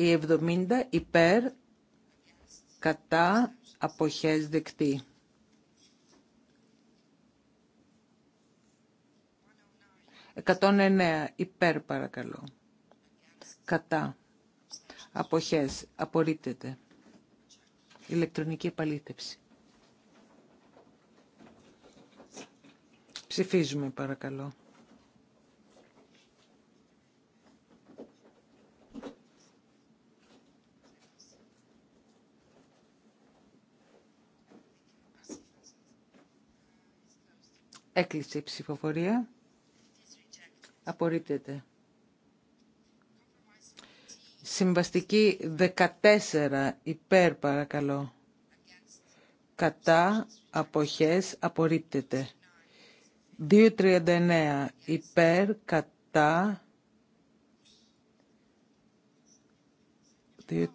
Η 70 υπέρ κατά αποχές δεκτή. 109 υπέρ παρακαλώ. Κατά. Αποχές. Απορρίπτεται. Ηλεκτρονική επαλήθευση. Ψηφίζουμε παρακαλώ. Έκλεισε η ψηφοφορία. Απορρίπτεται. Συμβαστική 14 υπέρ παρακαλώ. Κατά αποχές απορρίπτεται. 2.39 υπέρ κατά 3.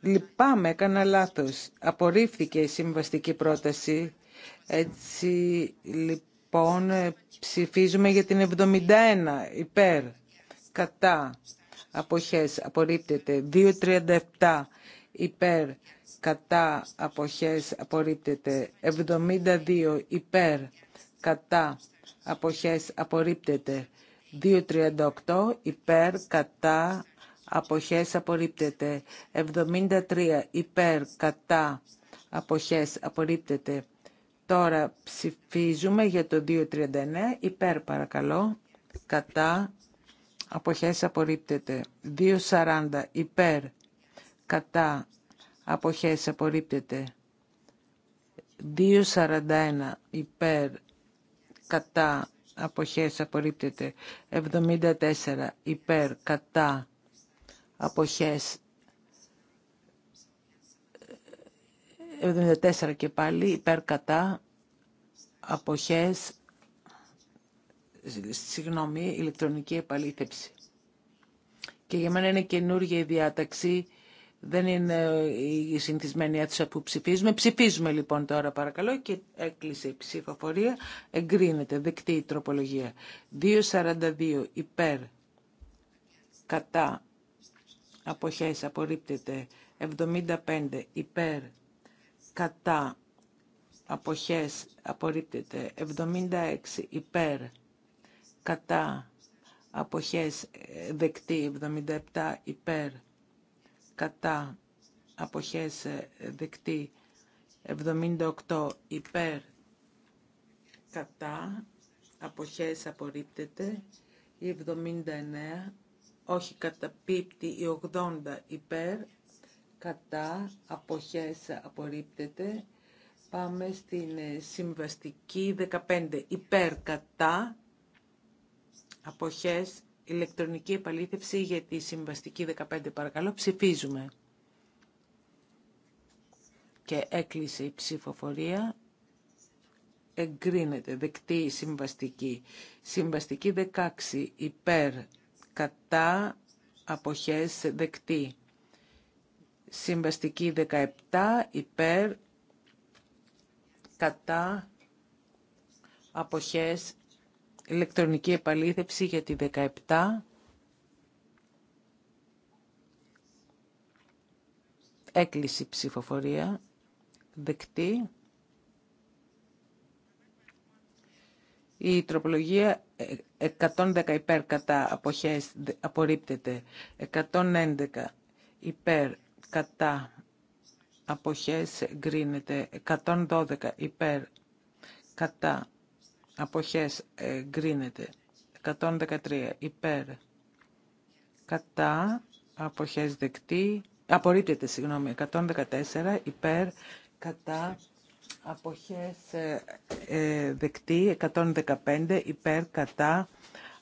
Λυπάμαι, έκανα λάθος. Απορρίφθηκε η συμβαστική πρόταση. Έτσι, λυπάμαι λοιπόν ε, ψηφίζουμε για την 71 υπέρ κατά αποχές απορρίπτεται 237 υπέρ κατά αποχές απορρίπτεται 72 υπέρ κατά αποχές απορρίπτεται 238 υπέρ κατά αποχές απορρίπτεται 73 υπέρ κατά αποχές απορρίπτεται Τώρα ψηφίζουμε για το 239. Υπέρ παρακαλώ. Κατά. Αποχές απορρίπτεται. 240. Υπέρ. Κατά. Αποχές απορρίπτεται. 241. Υπέρ. Κατά. Αποχές απορρίπτεται. 74. Υπέρ. Κατά. Αποχές 74 και πάλι υπέρ κατά αποχές συγγνώμη, ηλεκτρονική επαλήθευση. Και για μένα είναι καινούργια η διάταξη, δεν είναι η συνηθισμένη αίθουσα που ψηφίζουμε. Ψηφίζουμε λοιπόν τώρα παρακαλώ και έκλεισε η ψηφοφορία, εγκρίνεται, δεκτή η τροπολογία. 2.42 υπέρ, κατά, αποχές, απορρίπτεται, 75 υπέρ, κατά αποχές απορρίπτεται 76 υπέρ κατά αποχές δεκτή 77 υπέρ κατά αποχές δεκτή 78 υπέρ κατά αποχές απορρίπτεται 79 όχι καταπίπτει η 80 υπέρ κατά αποχές απορρίπτεται. Πάμε στην ε, συμβαστική 15. Υπέρ κατά αποχές ηλεκτρονική επαλήθευση για τη συμβαστική 15. Παρακαλώ ψηφίζουμε. Και έκλεισε η ψηφοφορία. Εγκρίνεται δεκτή η συμβαστική. Συμβαστική 16. Υπέρ κατά αποχές δεκτή. Συμβαστική 17 υπέρ κατά αποχές ηλεκτρονική επαλήθευση για τη 17. Έκλειση ψηφοφορία. Δεκτή. Η τροπολογία 110 υπέρ κατά αποχές απορρίπτεται. 111 υπέρ κατά αποχές γκρίνεται. 112 υπέρ κατά αποχές γκρίνεται. 113 υπέρ κατά αποχές δεκτή απορρίπτεται συγγνώμη 114 υπέρ κατά αποχές ε, ε, δεκτή 115 υπέρ κατά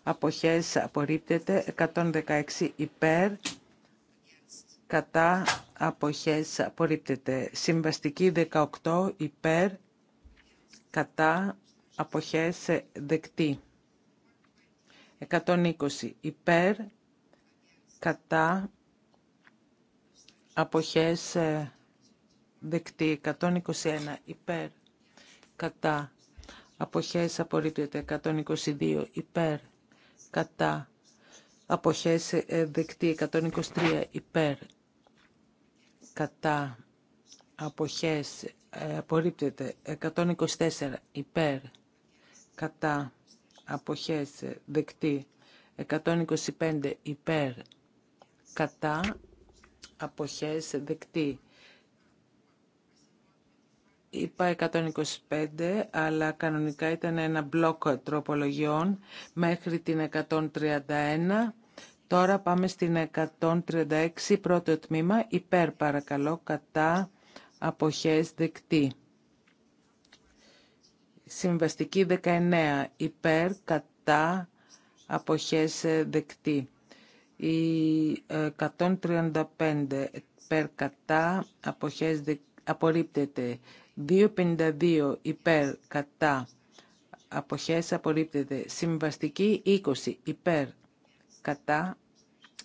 αποχές απορρίπτεται 116 υπέρ κατά αποχές απορρίπτεται. Συμβαστική 18 υπέρ κατά αποχές δεκτή. 120 υπέρ κατά αποχές δεκτή. 121 υπέρ κατά αποχές απορρίπτεται. 122 υπέρ κατά αποχές δεκτή. 123 υπέρ κατά αποχές ε, απορρίπτεται 124 υπέρ κατά αποχές ε, δεκτή 125 υπέρ κατά αποχές ε, δεκτή είπα 125 αλλά κανονικά ήταν ένα μπλοκ τροπολογιών μέχρι την 131 Τώρα πάμε στην 136 πρώτο τμήμα υπέρ παρακαλώ κατά αποχές δεκτή. Συμβαστική 19 υπέρ κατά αποχές δεκτή. Η 135 υπέρ κατά αποχές δεκτή. απορρίπτεται. 252 υπέρ κατά αποχές απορρίπτεται. Συμβαστική 20 υπέρ κατά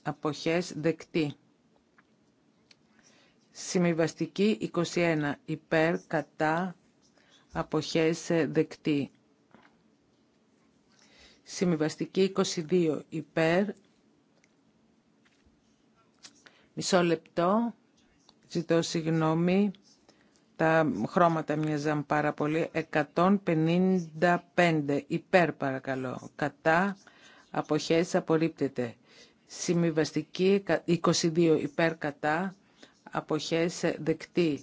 αποχές δεκτή. Συμβιβαστική 21 υπέρ κατά αποχές ε, δεκτή. Συμβιβαστική 22 υπέρ. Μισό λεπτό. Ζητώ συγγνώμη. Τα χρώματα μοιάζαν πάρα πολύ. 155 υπέρ παρακαλώ. Κατά αποχές απορρίπτεται. Συμβιβαστική 22 υπέρ κατά αποχές ε, δεκτή.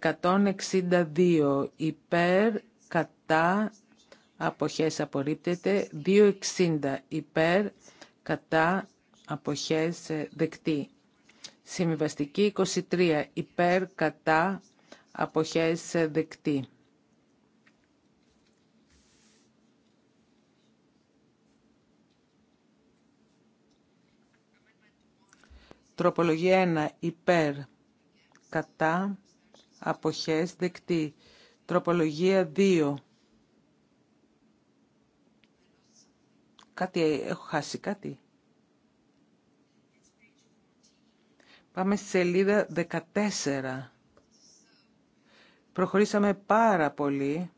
162 υπέρ κατά αποχές απορρίπτεται. 260 υπέρ κατά αποχές ε, δεκτή. Συμβιβαστική 23 υπέρ κατά αποχές ε, δεκτή. Τροπολογία 1 υπέρ κατά αποχές δεκτή. Τροπολογία 2. Κάτι έχω χάσει, κάτι. Πάμε στη σελίδα 14. Προχωρήσαμε πάρα πολύ.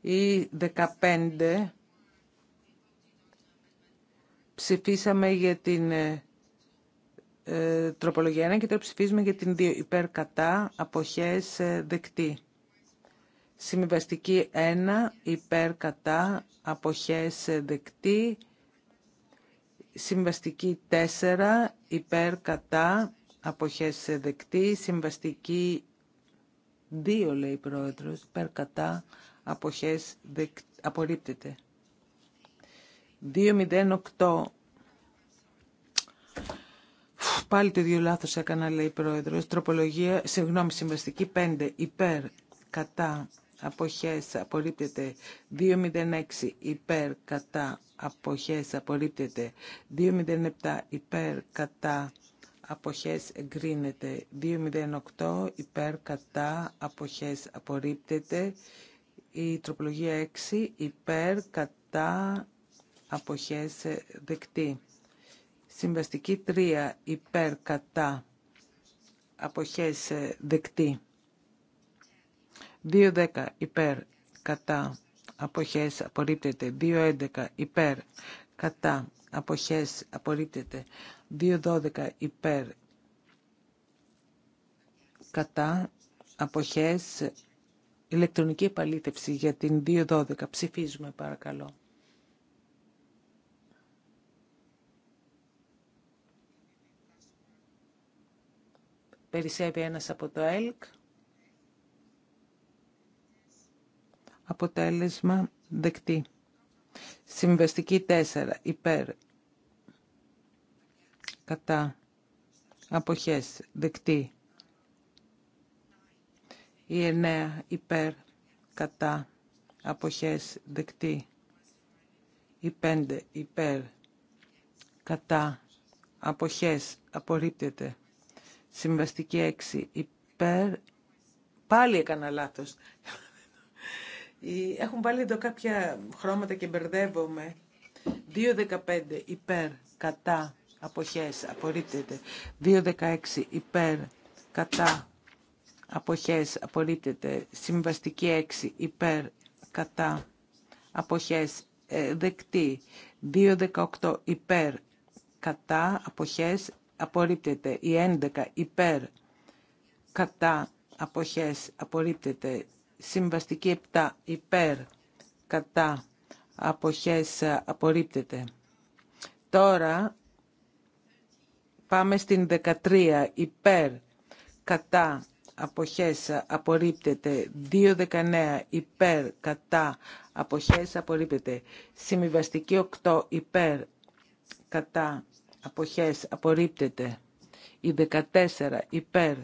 Η 15 ψηφίσαμε για την ε, ε τροπολογία 1 και τώρα ψηφίζουμε για την 2 υπέρ κατά αποχές ε, δεκτή. Συμβαστική 1 υπερκατά κατά αποχές δεκτή. Συμβαστική 4 υπέρ κατά αποχές ε, δεκτή. Συμβαστική 2 λέει η πρόεδρος υπέρ κατά αποχές δεκ... απορρίπτεται. Πάλι το ίδιο λάθο έκανα, λέει η πρόεδρο. Τροπολογία, συγγνώμη, συμβαστική 5, υπέρ, κατά, κατά, απορρίπτεται. 206, υπέρ, κατά, αποχε απορρίπτεται. 207, υπέρ, κατά, αποχε εγκρίνεται. 208, υπέρ, κατά, απόχέ απορρίπτεται. Η τροπολογία 6, υπέρ, κατά, απόχέ δεκτή. Συμβαστική 3 υπέρ κατά αποχές ε, δεκτή. 2.10 υπέρ κατά αποχές απορρίπτεται. 2.11 υπέρ κατά αποχές απορρίπτεται. 2.12 υπέρ κατά αποχές ηλεκτρονική επαλήθευση για την 2.12. Ψηφίζουμε παρακαλώ. Περισσεύει ένας από το ΕΛΚ. Αποτέλεσμα δεκτή. Συμβεστική 4. Υπέρ. Κατά. Αποχές. Δεκτή. Η 9. Υπέρ. Κατά. Αποχές. Δεκτή. Η 5. Υπέρ. Κατά. Αποχές. Απορρίπτεται. Συμβαστική 6 υπέρ. Πάλι έκανα λάθο. Έχουν πάλι εδώ κάποια χρώματα και μπερδεύομαι. 2.15 υπέρ, κατά, αποχές, απορρίπτεται. 2.16 υπέρ, κατά, αποχές, απορρίπτεται. Συμβαστική 6 υπέρ, κατά, αποχές, ε, δεκτή. 2.18 υπέρ, κατά, αποχές, απορρίπτεται. Η 11 υπέρ κατά αποχές απορρίπτεται. Συμβαστική 7 υπέρ κατά αποχές απορρίπτεται. Τώρα πάμε στην 13 υπέρ κατά αποχές απορρίπτεται 2.19 υπέρ κατά αποχές απορρίπτεται συμβαστική 8 υπέρ κατά αποχές απορρίπτεται. Η 14 υπέρ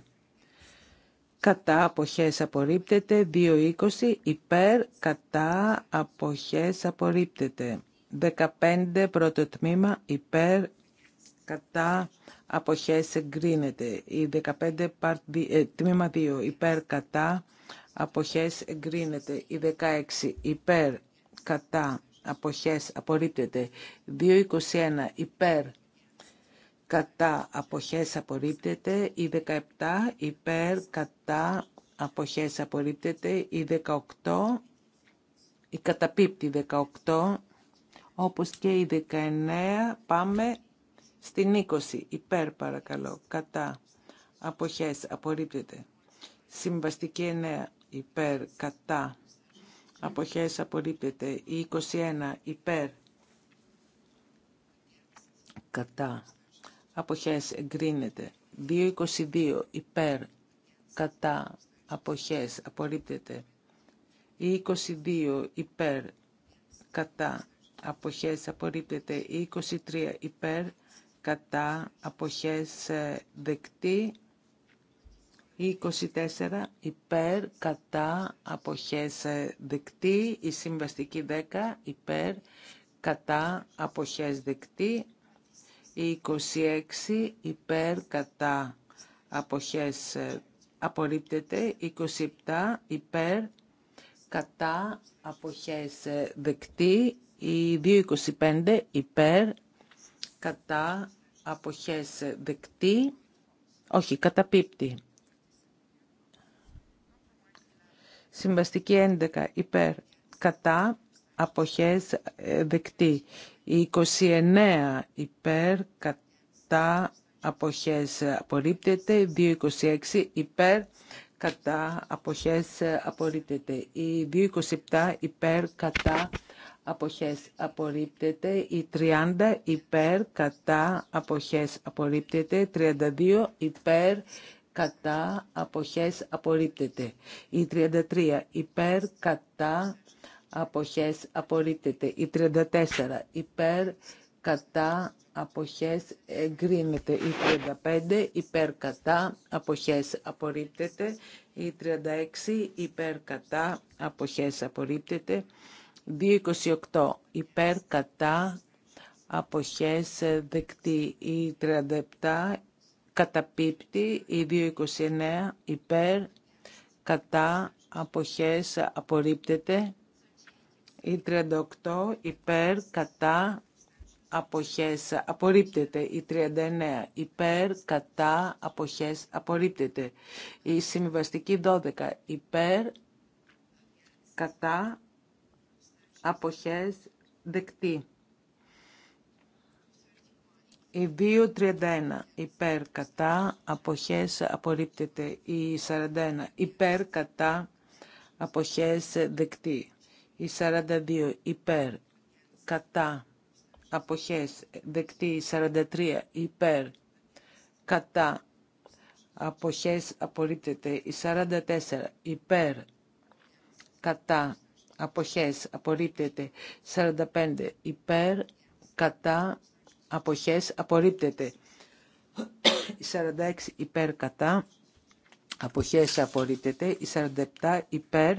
κατά αποχές απορρίπτεται. 220 υπέρ κατά αποχές απορρίπτεται. 15 πρώτο τμήμα υπέρ κατά αποχές εγκρίνεται. Η 15 part, ε, τμήμα 2 υπέρ κατά αποχές εγκρίνεται. Η 16 υπέρ κατά αποχές απορρίπτεται. 221 υπέρ κατά αποχές απορρίπτεται, η 17 υπέρ κατά αποχές απορρίπτεται, η 18 η καταπίπτη 18 όπως και η 19 πάμε στην 20 υπέρ παρακαλώ κατά αποχές απορρίπτεται συμβαστική 9 υπέρ κατά αποχές απορρίπτεται η 21 υπέρ κατά αποχές εγκρίνεται. 2.22 υπέρ κατά αποχές απορρίπτεται. 22 υπέρ κατά αποχές απορρίπτεται. 23 ε, ε, υπέρ κατά αποχές δεκτή. 24 υπέρ κατά αποχές δεκτή. Η συμβαστική 10 υπέρ κατά αποχές δεκτή. 26 υπέρ κατά αποχές ε, απορρίπτεται. 27 υπέρ κατά αποχές ε, δεκτή. Η 225 υπέρ κατά αποχές ε, δεκτή. Όχι, καταπίπτει. Συμβαστική 11 υπέρ κατά αποχές δεκτή. Η 29 υπέρ κατά αποχές απορρίπτεται. 226 υπέρ κατά αποχές απορρίπτεται. Η 227 υπέρ κατά αποχές απορρίπτεται. Η 30 υπέρ κατά αποχές απορρίπτεται. 32 υπέρ κατά αποχές απορρίπτεται. Η 33 υπέρ κατά αποχές απορρίπτεται. Η 34 υπέρ κατά αποχές εγκρίνεται. Η 35 υπέρ κατά αποχές απορρίπτεται. Η 36 υπέρ κατά αποχές απορρίπτεται. 228 υπέρ κατά αποχές δεκτή. Η 37 καταπίπτει. Η 229 υπέρ κατά αποχές απορρίπτεται. Η 38 υπέρ κατά αποχές απορρίπτεται. Η 39 υπέρ κατά αποχές απορρίπτεται. Η συμβιβαστική 12 υπέρ κατά αποχές δεκτή. Η 2.31 υπέρ κατά αποχές απορρίπτεται. Η 41 υπέρ κατά αποχές δεκτή. Η 42 υπέρ κατά αποχές δεκτή. Η 43 υπέρ κατά αποχές απορρίπτεται. Η 44 υπέρ κατά αποχές απορρίπτεται. 45 υπέρ κατά αποχές απορρίπτεται. 46 υπέρ κατά αποχές απορρίπτεται. 47 υπέρ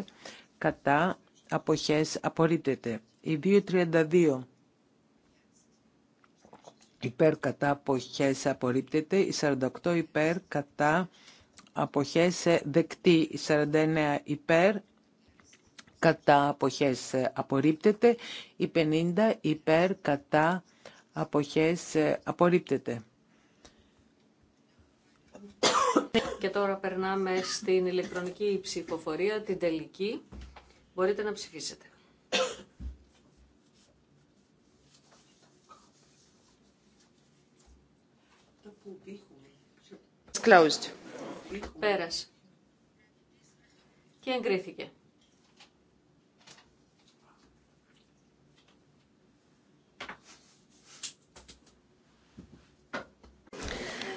κατά αποχές απορρίπτεται. Η 2.32 υπέρ κατά αποχές απορρίπτεται. Η 48 υπέρ κατά αποχές δεκτή. Η 49 υπέρ κατά αποχές απορρίπτεται. Η 50 υπέρ κατά αποχές απορρίπτεται. Και τώρα περνάμε στην ηλεκτρονική ψηφοφορία, την τελική. Μπορείτε να ψηφίσετε. Closed. Πέρασε. Και εγκρίθηκε.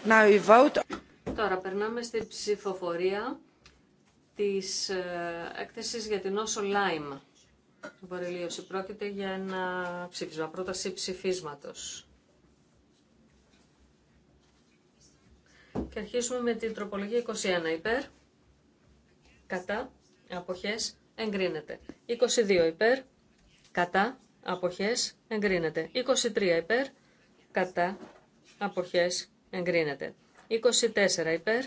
Now we vote. Τώρα περνάμε στην ψηφοφορία της ε, έκθεσης για την όσο Λάιμ. Βορελίωση πρόκειται για ένα ψήφισμα, πρόταση ψηφίσματος. Και αρχίσουμε με την τροπολογία 21 υπέρ, κατά, αποχές, εγκρίνεται. 22 υπέρ, κατά, αποχές, εγκρίνεται. 23 υπέρ, κατά, αποχές, εγκρίνεται. 24 υπέρ,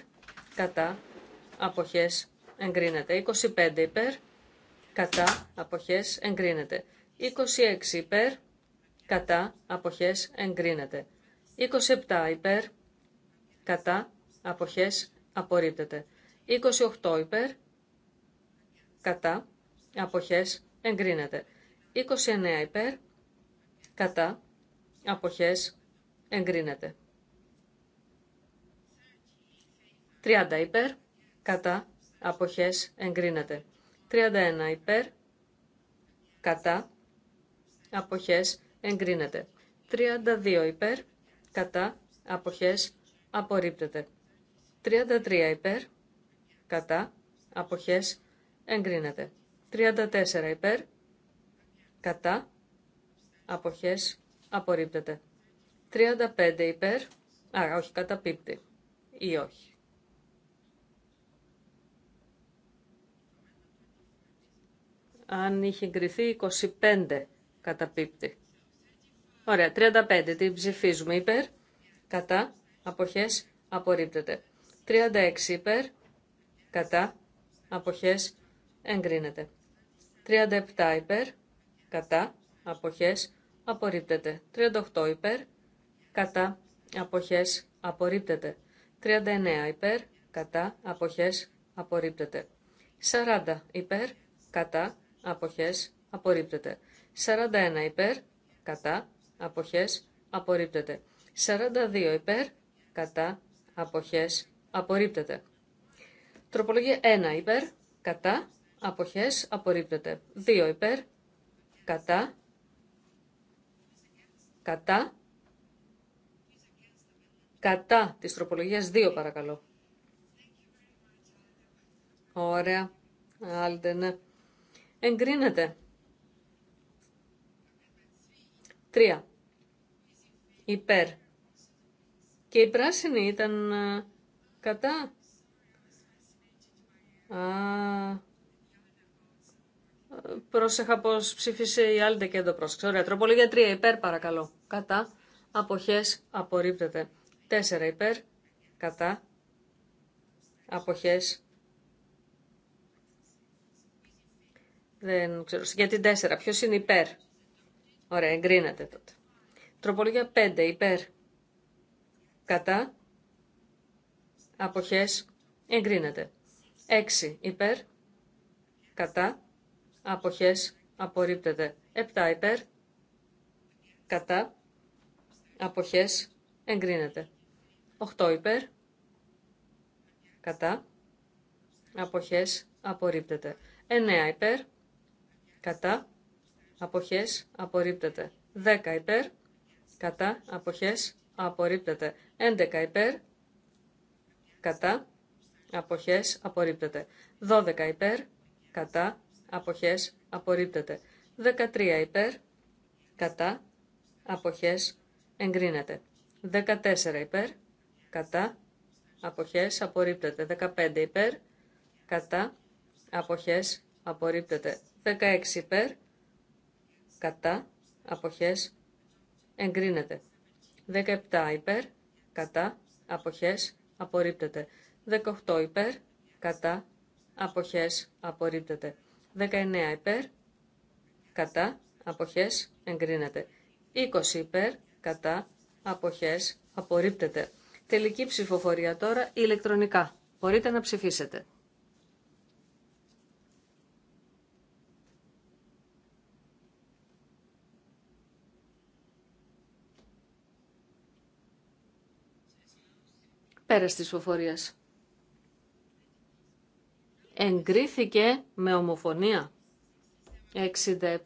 κατά, αποχές, εγκρίνεται. 25 υπέρ, κατά, αποχές, εγκρίνεται. 26 υπέρ, κατά, αποχές, εγκρίνεται. 27 υπέρ, κατά, αποχές, απορρίπτεται. 28 υπέρ, κατά, αποχές, εγκρίνεται. 29 υπέρ, κατά, αποχές, εγκρίνεται. 30 υπέρ, κατά, αποχές εγκρίνεται. 31 υπέρ, κατά, αποχές εγκρίνεται. 32 υπέρ, κατά, αποχές απορρίπτεται. 33 υπέρ, κατά, αποχές εγκρίνεται. 34 υπέρ, κατά, αποχές απορρίπτεται. 35 υπέρ, α, όχι, καταπίπτει ή όχι. αν είχε εγκριθεί 25 κατά πίπτη. Ωραία, 35, την ψηφίζουμε υπέρ, κατά, αποχές, απορρίπτεται. 36 υπέρ, κατά, αποχές, εγκρίνεται. 37 υπέρ, κατά, αποχές, απορρίπτεται. 38 υπέρ, κατά, αποχές, απορρίπτεται. 39 υπέρ, κατά, αποχές, απορρίπτεται. 40 υπέρ, κατά, αποχές, απορρίπτεται. 41 υπέρ, κατά, αποχές, απορρίπτεται. 42 υπέρ, κατά, αποχές, απορρίπτεται. Τροπολογία 1 υπέρ, κατά, αποχές, απορρίπτεται. 2 υπέρ, κατά, κατά, κατά της τροπολογίας 2 παρακαλώ. Ωραία. Άλτε, ναι. Εγκρίνεται. 3. Υπέρ. Και η πράσινη ήταν ε, κατά. Α, πρόσεχα πώς ψήφισε η άλλη και δεν το πρόσεξε. Ωραία, τροπολογία τρία υπέρ παρακαλώ. Κατά. Αποχές απορρίπτεται. τέσσερα υπέρ. Κατά. Αποχές Δεν ξέρω. Για την 4. Ποιο είναι υπέρ. Ωραία, εγκρίνεται τότε. Τροπολογία 5. Υπέρ. Κατά. απόχέ, Εγκρίνεται. 6. Υπέρ. Κατά. απόχέ, Απορρίπτεται. 7. Υπέρ. Κατά. απόχέ, Εγκρίνεται. 8. Υπέρ. Κατά. Αποχές. Απορρίπτεται. 9. Υπέρ κατά, αποχές, απορρίπτεται. 10 υπέρ, κατά, αποχές, απορρίπτεται. 11 υπέρ, κατά, αποχές, απορρίπτεται. 12 υπέρ, κατά, αποχές, απορρίπτεται. 13 υπέρ, κατά, αποχές, εγκρίνεται. 14 υπέρ, κατά, αποχές, απορρίπτεται. 15 υπέρ, κατά, αποχές, απορρίπτεται 16 υπέρ, κατά, αποχές, εγκρίνεται. 17 υπέρ, κατά, αποχές, απορρίπτεται. 18 υπέρ, κατά, αποχές, απορρίπτεται. 19 υπέρ, κατά, αποχές, εγκρίνεται. 20 υπέρ, κατά, αποχές, απορρίπτεται. Τελική ψηφοφορία τώρα ηλεκτρονικά. Μπορείτε να ψηφίσετε. Πέρας της Εγκρίθηκε με ομοφωνία. 67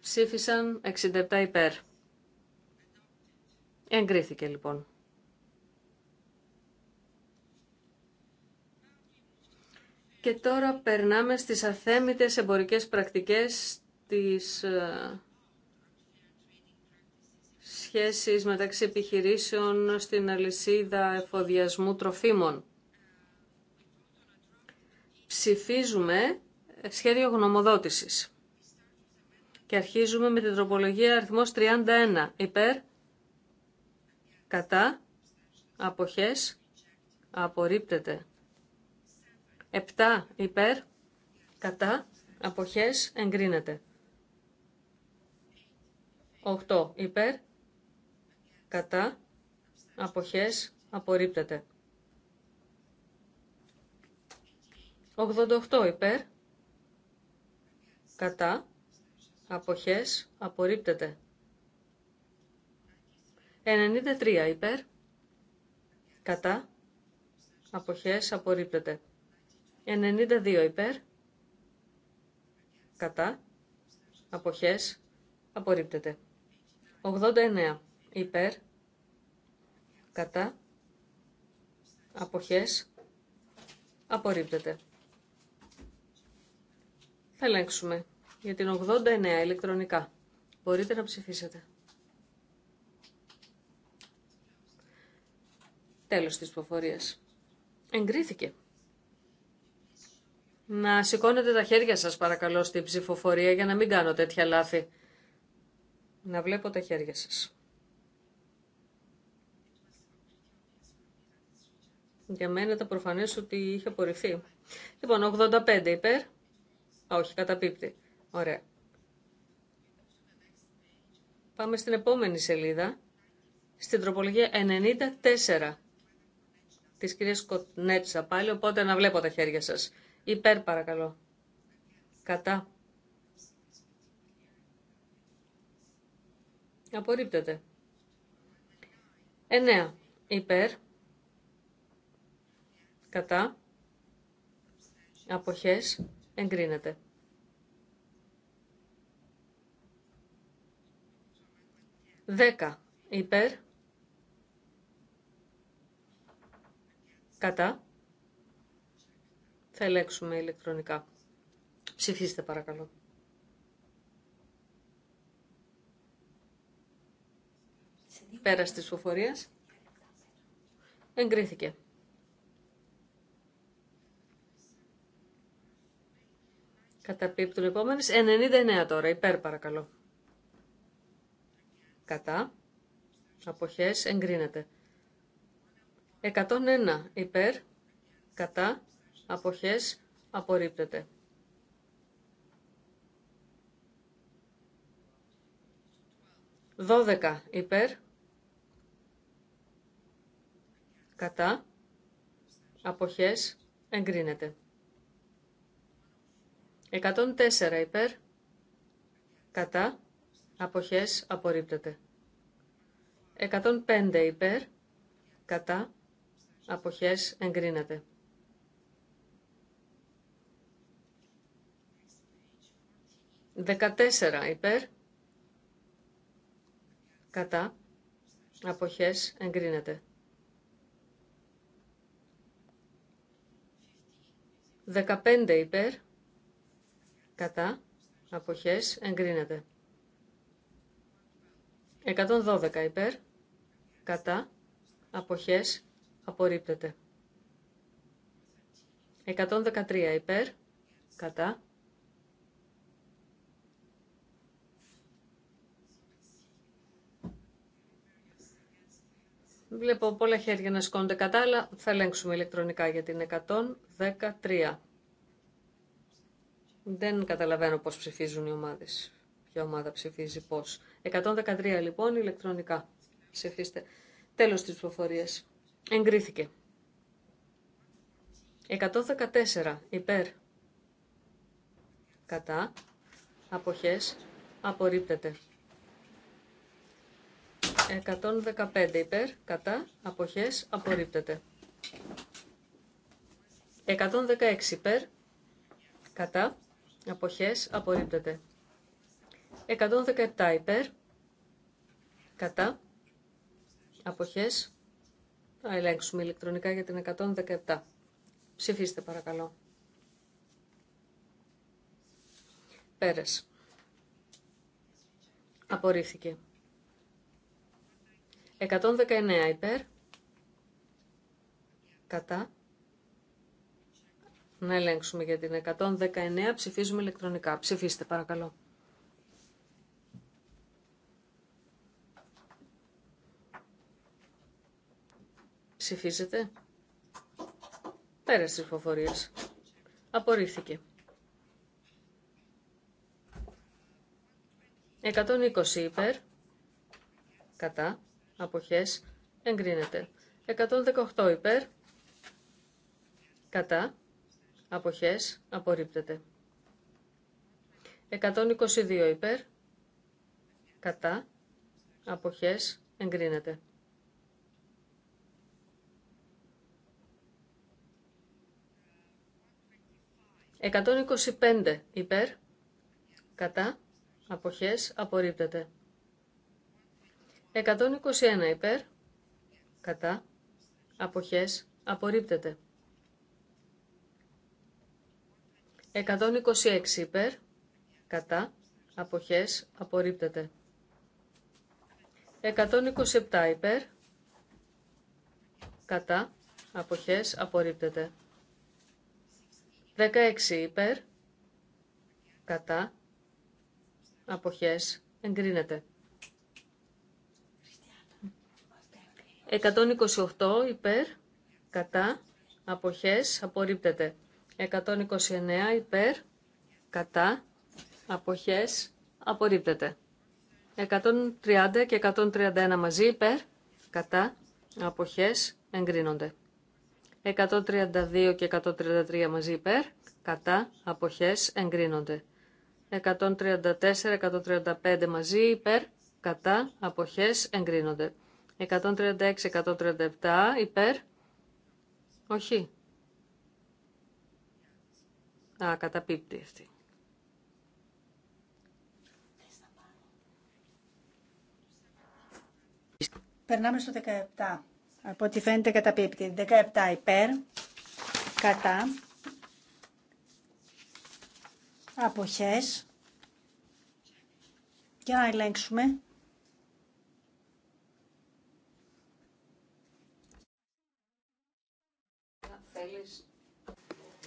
ψήφισαν 67 υπέρ. Εγκρίθηκε λοιπόν. Και τώρα περνάμε στις αθέμητες εμπορικές πρακτικές της ε, σχέσεις μεταξύ επιχειρήσεων στην αλυσίδα εφοδιασμού τροφίμων. Ψηφίζουμε σχέδιο γνωμοδότησης. Και αρχίζουμε με την τροπολογία αριθμός 31. Υπέρ, κατά, αποχές, απορρίπτεται. 7. Υπέρ, κατά, αποχές, εγκρίνεται. 8. Υπέρ, κατά, αποχές, απορρίπτεται. 88 υπέρ, κατά, αποχές, απορρίπτεται. 93 υπέρ, κατά, αποχές, απορρίπτεται. 92 υπέρ, κατά, αποχές, απορρίπτεται. 89 υπέρ, κατά, αποχές, απορρίπτεται. Θα ελέγξουμε για την 89 ηλεκτρονικά. Μπορείτε να ψηφίσετε. Τέλος της ψηφοφορίας. Εγκρίθηκε. Να σηκώνετε τα χέρια σας παρακαλώ στην ψηφοφορία για να μην κάνω τέτοια λάθη. Να βλέπω τα χέρια σας. Για μένα ήταν προφανές ότι είχε απορριφθεί. Λοιπόν, 85 υπέρ. όχι, καταπίπτει. Ωραία. Πάμε στην επόμενη σελίδα, στην τροπολογία 94 της κυρίας Κοτνέτσα πάλι, οπότε να βλέπω τα χέρια σας. Υπέρ παρακαλώ. Κατά. Απορρίπτεται. 9. Υπέρ κατά, αποχές, εγκρίνεται. Δέκα, υπέρ, κατά, θα ελέγξουμε ηλεκτρονικά. Ψηφίστε παρακαλώ. πέρα της φοφορία. εγκρίθηκε. Καταπίπτουν επόμενες. 99 τώρα. Υπέρ παρακαλώ. Κατά. Αποχές. Εγκρίνεται. 101. Υπέρ. Κατά. Αποχές. Απορρίπτεται. 12. Υπέρ. Κατά. Αποχές. Εγκρίνεται. 104 υπέρ, κατά, αποχές απορρίπτεται. 105 υπέρ, κατά, αποχές εγκρίνεται. 14 υπέρ, κατά, αποχές εγκρίνεται. 15 υπέρ, κατά, αποχές, εγκρίνεται. 112 υπέρ, κατά, αποχές, απορρίπτεται. 113 υπέρ, κατά. Βλέπω πολλά χέρια να σκόνται κατά, αλλά θα ελέγξουμε ηλεκτρονικά για την 113. Δεν καταλαβαίνω πώς ψηφίζουν οι ομάδες. Ποια ομάδα ψηφίζει πώς. 113 λοιπόν ηλεκτρονικά. Ψηφίστε. Τέλος της ψηφοφορίας. Εγκρίθηκε. 114 υπέρ. Κατά. Αποχές. Απορρίπτεται. 115 υπέρ. Κατά. Αποχές. Απορρίπτεται. 116 υπέρ. Κατά. Αποχές απορρίπτεται. 117 υπέρ. Κατά. Αποχές. Θα ελέγξουμε ηλεκτρονικά για την 117. Ψηφίστε παρακαλώ. Πέρες. Απορρίφθηκε. 119 υπέρ. Κατά να ελέγξουμε για την 119. Ψηφίζουμε ηλεκτρονικά. Ψηφίστε παρακαλώ. Ψηφίζετε. Πέρασε τις ψηφοφορίες. Απορρίφθηκε. 120 υπέρ. Κατά. Αποχές. Εγκρίνεται. 118 υπέρ. Κατά αποχές απορρίπτεται. 122 υπέρ, κατά, αποχές εγκρίνεται. 125 υπέρ, κατά, αποχές απορρίπτεται. 121 υπέρ, κατά, αποχές απορρίπτεται. 126 υπέρ, κατά, αποχές, απορρίπτεται. 127 υπέρ, κατά, αποχές, απορρίπτεται. 16 υπέρ, κατά, αποχές, εγκρίνεται. 128 υπέρ, κατά, αποχές, απορρίπτεται. 129 υπέρ, κατά, αποχές, απορρίπτεται. 130 και 131 μαζί υπέρ, κατά, αποχές, εγκρίνονται. 132 και 133 μαζί υπέρ, κατά, αποχές, εγκρίνονται. 134-135 μαζί υπέρ, κατά, αποχές, εγκρίνονται. 136-137 υπέρ, όχι, Α, καταπίπτει αυτή. Περνάμε στο 17. Από ό,τι φαίνεται καταπίπτει. 17 υπέρ, κατά, αποχές. Για να ελέγξουμε.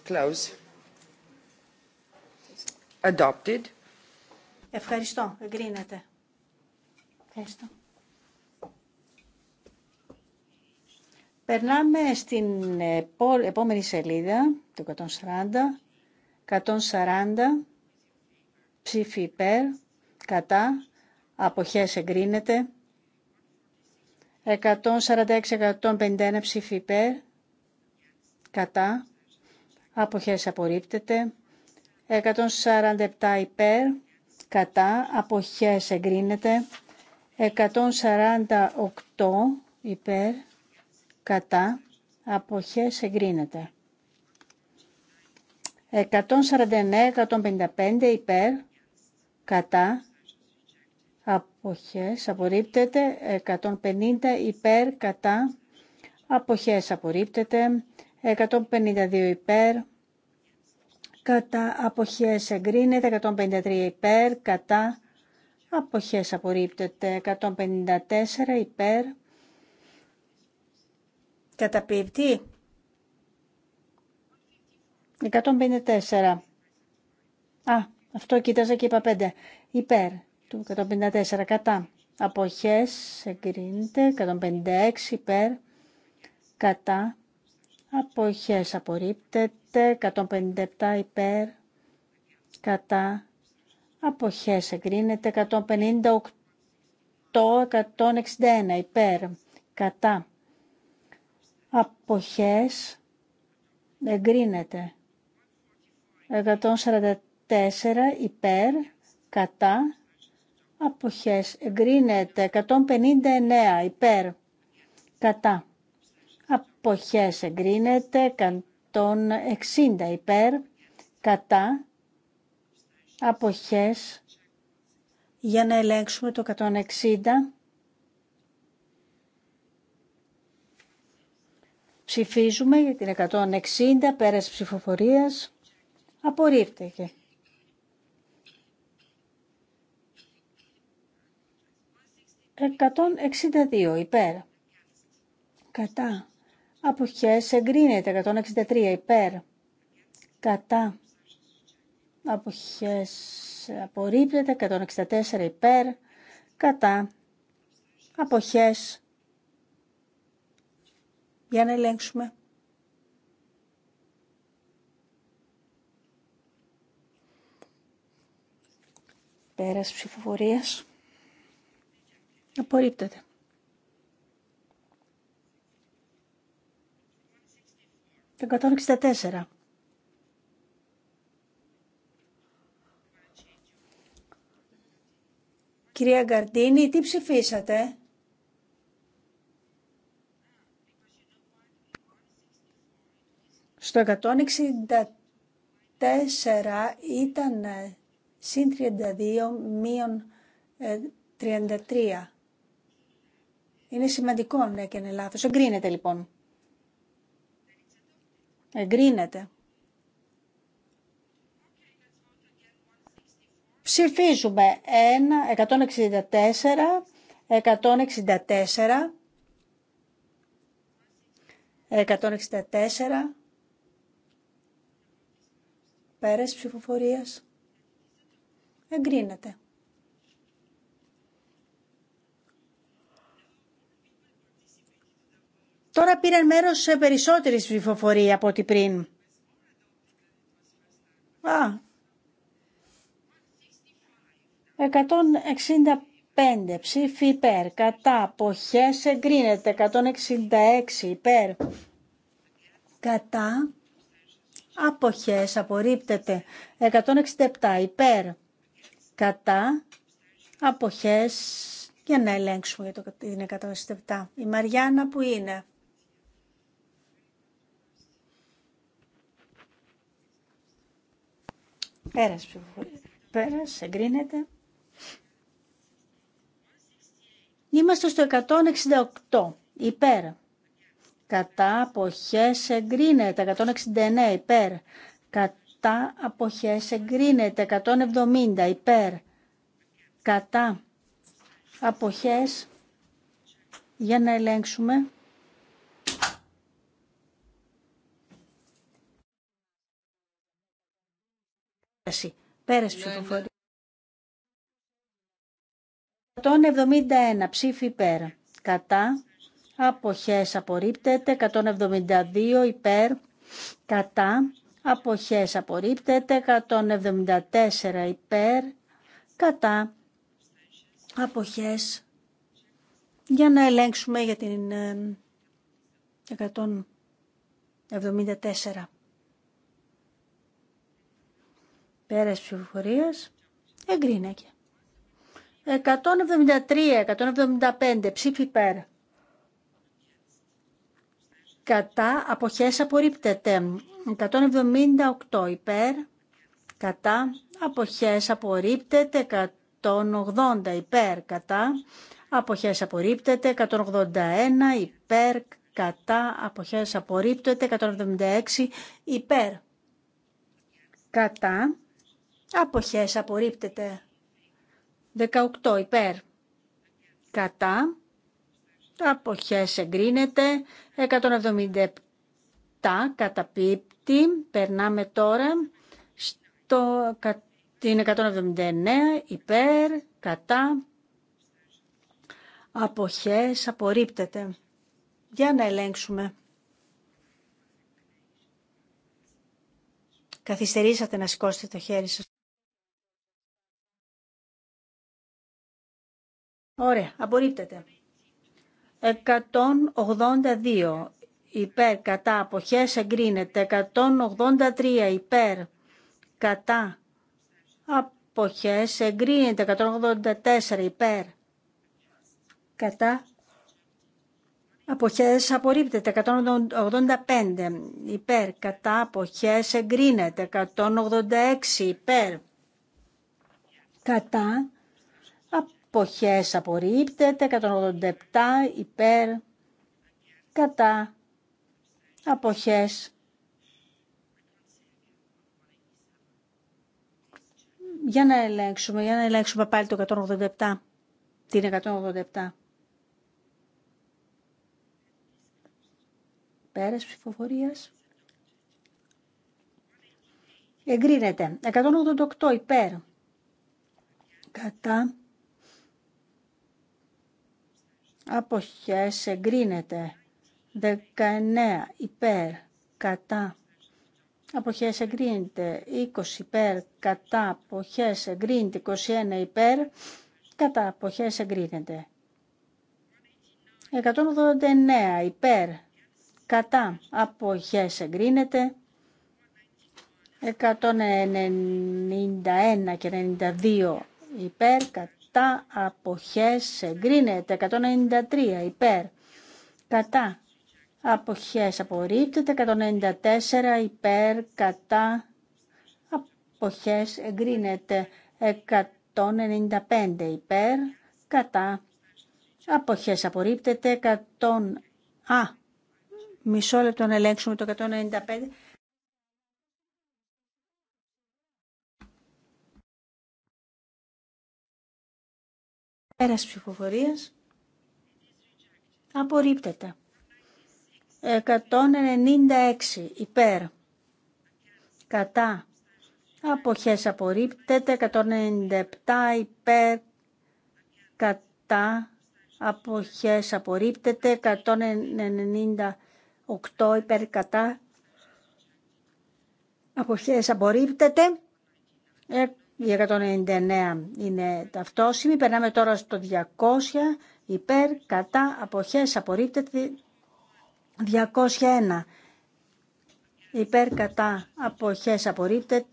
Close. Adopted. Ευχαριστώ. Εγκρίνεται. Ευχαριστώ. Περνάμε στην επόμενη σελίδα, το 140. 140 ψήφι υπέρ, κατά, αποχές εγκρίνεται. 146-151 ψήφι υπέρ, κατά, αποχές απορρίπτεται. 147 υπέρ, κατά, αποχές εγκρίνεται. 148 υπέρ, κατά, αποχές εγκρίνεται. 149-155 υπέρ, κατά, αποχές απορρίπτεται. 150 υπέρ, κατά, αποχές απορρίπτεται. 152 υπέρ, κατά αποχές εγκρίνεται, 153 υπέρ, κατά αποχές απορρίπτεται, 154 υπέρ, καταπίπτει, 154, α, αυτό κοίταζα και είπα 5, υπέρ του 154, κατά αποχές εγκρίνεται, 156 υπέρ, κατά Αποχές απορρίπτεται. 157 υπέρ. Κατά. Αποχές εγκρίνεται. 158. 161 υπέρ. Κατά. Αποχές εγκρίνεται. 144 υπέρ. Κατά. Αποχές εγκρίνεται. 159 υπέρ. Κατά αποχές εγκρίνεται 160 υπέρ κατά αποχές για να ελέγξουμε το 160 ψηφίζουμε για την 160 πέρας ψηφοφορίας απορρίφθηκε Εκατόν υπέρ. Κατά Αποχές εγκρίνεται 163 υπέρ. Κατά. Αποχές απορρίπτεται 164 υπέρ. Κατά. Αποχές. Για να ελέγξουμε. Πέρας ψηφοφορίας. Απορρίπτεται. Το 164. Κυρία Γκαρτίνη, τι ψηφίσατε. Στο 164 ήταν ε, συν 32 μείον 33. Ε, είναι σημαντικό, να και είναι λάθος. Εγκρίνεται, λοιπόν. Εγκρίνεται. Ψηφίζουμε 1, 164, 164, 164, πέρας ψηφοφορίας. Εγκρίνεται. τώρα πήραν μέρος σε περισσότερη ψηφοφορία από ό,τι πριν. Α, 165 ψήφοι υπέρ, κατά, αποχές εγκρίνεται, 166 υπέρ, κατά, αποχές απορρίπτεται, 167 υπέρ, κατά, αποχές, για να ελέγξουμε για το, είναι 167. Η Μαριάννα που είναι. Πέρας ψηφοφορία. εγκρίνεται. Είμαστε στο 168. Υπέρ. Κατά αποχές εγκρίνεται. 169 υπέρ. Κατά αποχές εγκρίνεται. 170 υπέρ. Κατά αποχές. Για να ελέγξουμε. Πέρας ναι, ναι. ψηφοφορία. 171 ψήφι υπέρ. Κατά. Αποχές απορρίπτεται. 172 υπέρ. Κατά. Αποχές απορρίπτεται. 174 υπέρ. Κατά. Αποχές. Για να ελέγξουμε για την 174. Ε, Πέρας ψηφοφορίας εγκρίνεται. 173-175 ψήφι πέρα. Κατά αποχές απορρίπτεται. 178 υπέρ. Κατά αποχές απορρίπτεται. 180 υπέρ. Κατά αποχές απορρίπτεται. 181 υπέρ. Κατά αποχές απορρίπτεται. 176 υπέρ. Κατά Αποχές απορρίπτεται. 18 υπέρ. Κατά. Αποχές εγκρίνεται. 177 καταπίπτει. Περνάμε τώρα στο, την 179 υπέρ. Κατά. Αποχές απορρίπτεται. Για να ελέγξουμε. Καθυστερήσατε να σηκώσετε το χέρι σας. Ωραία, απορρίπτεται. 182 υπέρ κατά αποχές εγκρίνεται. 183 υπέρ κατά αποχές εγκρίνεται. 184 υπέρ κατά αποχές απορρίπτεται. 185 υπέρ κατά αποχές εγκρίνεται. 186 υπέρ κατά αποχές απορρίπτεται 187 υπέρ κατά αποχές για να ελέγξουμε για να ελέγξουμε πάλι το 187 την 187 πέρας ψηφοφορίας εγκρίνεται 188 υπέρ κατά αποχές εγκρίνεται 19 υπέρ κατά αποχές εγκρίνεται 20 υπέρ κατά αποχές εγκρίνεται 21 υπέρ κατά αποχές εγκρίνεται 189 υπέρ κατά αποχές εγκρίνεται 191 και 92 υπέρ κατά κατά αποχές εγκρίνεται 193 υπέρ κατά αποχές απορρίπτεται 194 υπέρ κατά αποχές εγκρίνεται 195 υπέρ κατά αποχές απορρίπτεται 100 α μισό λεπτό να ελέγξουμε το 195 Πέρας ψηφοφορίας. Απορρίπτεται. 196 υπέρ. Κατά. Αποχές απορρίπτεται. 197 υπέρ. Κατά. Αποχές απορρίπτεται. 198 υπέρ. Κατά. Αποχές απορρίπτεται. Η 199 είναι ταυτόσιμοι. Περνάμε τώρα στο 200. Υπέρ, κατά, αποχές, απορρίπτεται. 201. Υπέρ, κατά, αποχές, απορρίπτεται.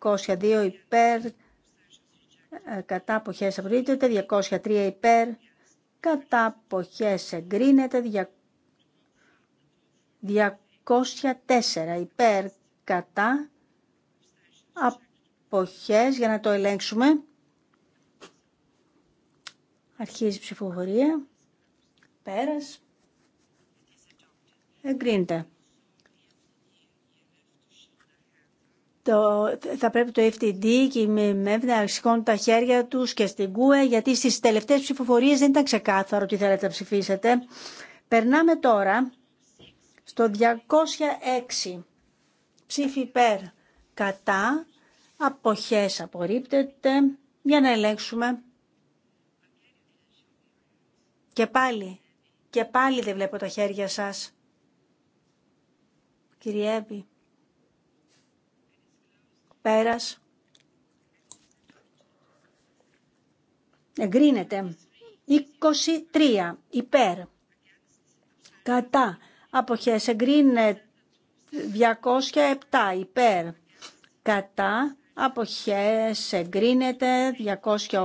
202 υπέρ, ε, κατά, αποχές, απορρίπτεται. 203 υπέρ, κατά, αποχές, εγκρίνεται. 204 υπέρ, κατά, για να το ελέγξουμε. Αρχίζει η ψηφοφορία. Πέρας. Εγκρίνεται. Το, θα πρέπει το FTD και η ΜΕΒ να σηκώνουν τα χέρια τους και στην ΚΟΕ γιατί στις τελευταίες ψηφοφορίες δεν ήταν ξεκάθαρο τι θέλετε να ψηφίσετε. Περνάμε τώρα στο 206. Ψήφι υπέρ κατά αποχές απορρίπτεται για να ελέγξουμε και πάλι και πάλι δεν βλέπω τα χέρια σας Κύριε Εύη πέρας εγκρίνεται 23 υπέρ κατά αποχές εγκρίνεται 207 υπέρ κατά αποχές εγκρίνεται 208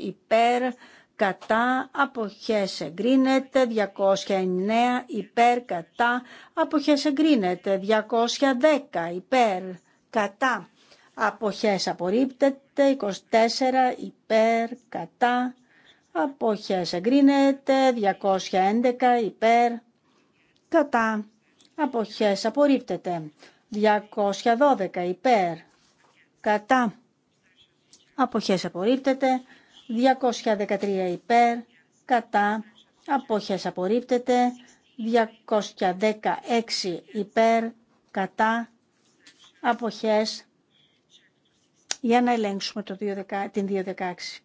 υπέρ κατά αποχές εγκρίνεται 209 υπέρ κατά αποχές εγκρίνεται 210 υπέρ κατά αποχές απορρίπτεται 24 υπέρ κατά αποχές εγκρίνεται 211 υπέρ κατά αποχές απορρίπτεται 212 υπέρ κατά αποχές απορρίπτεται, 213 υπέρ κατά αποχές απορρίπτεται, 216 υπέρ κατά αποχές για να ελέγξουμε το 2, την 216.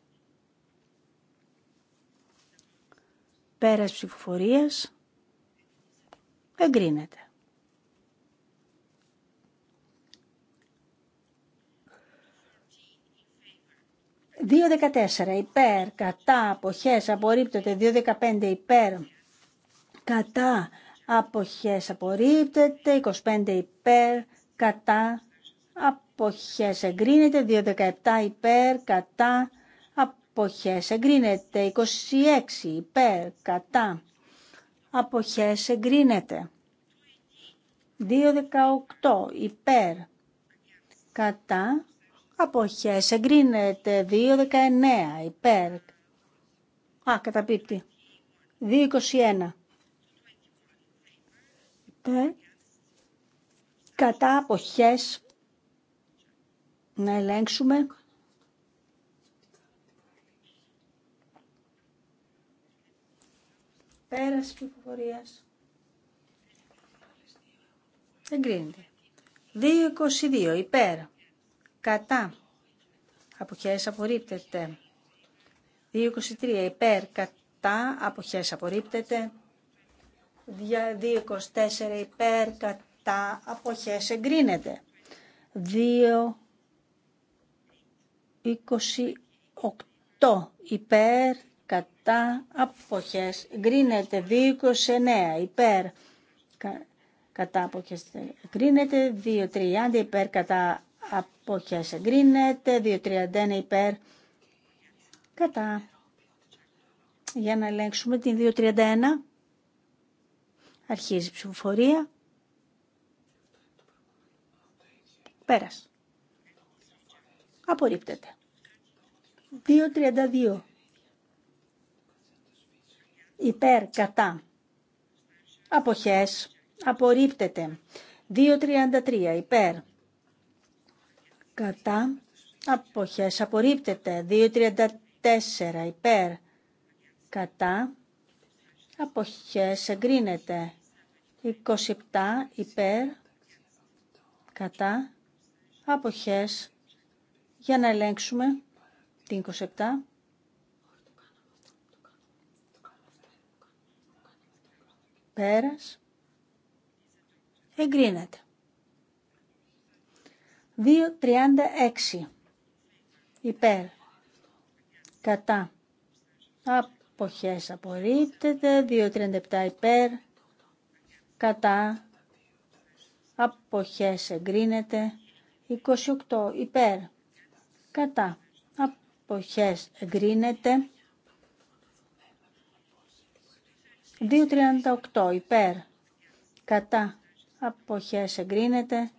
Πέρας ψηφοφορίας εγκρίνεται. 2.14 υπέρ, κατά, αποχές, απορρίπτεται. 2.15 υπέρ, κατά, αποχές, απορρίπτεται. 25 υπέρ, κατά, αποχές, εγκρίνεται. 2.17 υπέρ, κατά, αποχές, εγκρίνεται. 26 υπέρ, κατά, αποχές, εγκρίνεται. 2.18 υπέρ, κατά, Αποχές εγκρίνεται 2.19 υπέρ. Α, καταπίπτει. 2.21 υπέρ. Κατά αποχές να ελέγξουμε. Πέρας πληροφορίας. Εγκρίνεται. 2.22 υπέρ κατά, αποχές απορρίπτεται. 2.23 υπέρ, κατά, αποχές απορρίπτεται. 2.24 υπέρ, κατά, αποχές εγκρίνεται. 2.28 υπέρ, κατά, αποχές Γκρίνεται 2.29 υπέρ, κατά, αποχές εγκρίνεται. 2.30 υπέρ, κατά, Αποχές εγκρίνεται. 2.31 υπέρ. Κατά. Για να ελέγξουμε την 2.31. Αρχίζει η ψηφοφορία. Πέρας. Απορρίπτεται. 2.32. Υπέρ, κατά. Αποχές. Απορρίπτεται. 2.33. Υπέρ κατά, αποχές, απορρίπτεται. 2.34 υπέρ, κατά, αποχές, εγκρίνεται. 27 υπέρ, κατά, αποχές, για να ελέγξουμε την 27. Πέρας. Εγκρίνεται. 2.36 υπέρ κατά αποχές απορρίπτεται 2.37 υπέρ κατά αποχές εγκρίνεται 28 υπέρ κατά αποχές εγκρίνεται 2.38 υπέρ κατά αποχές εγκρίνεται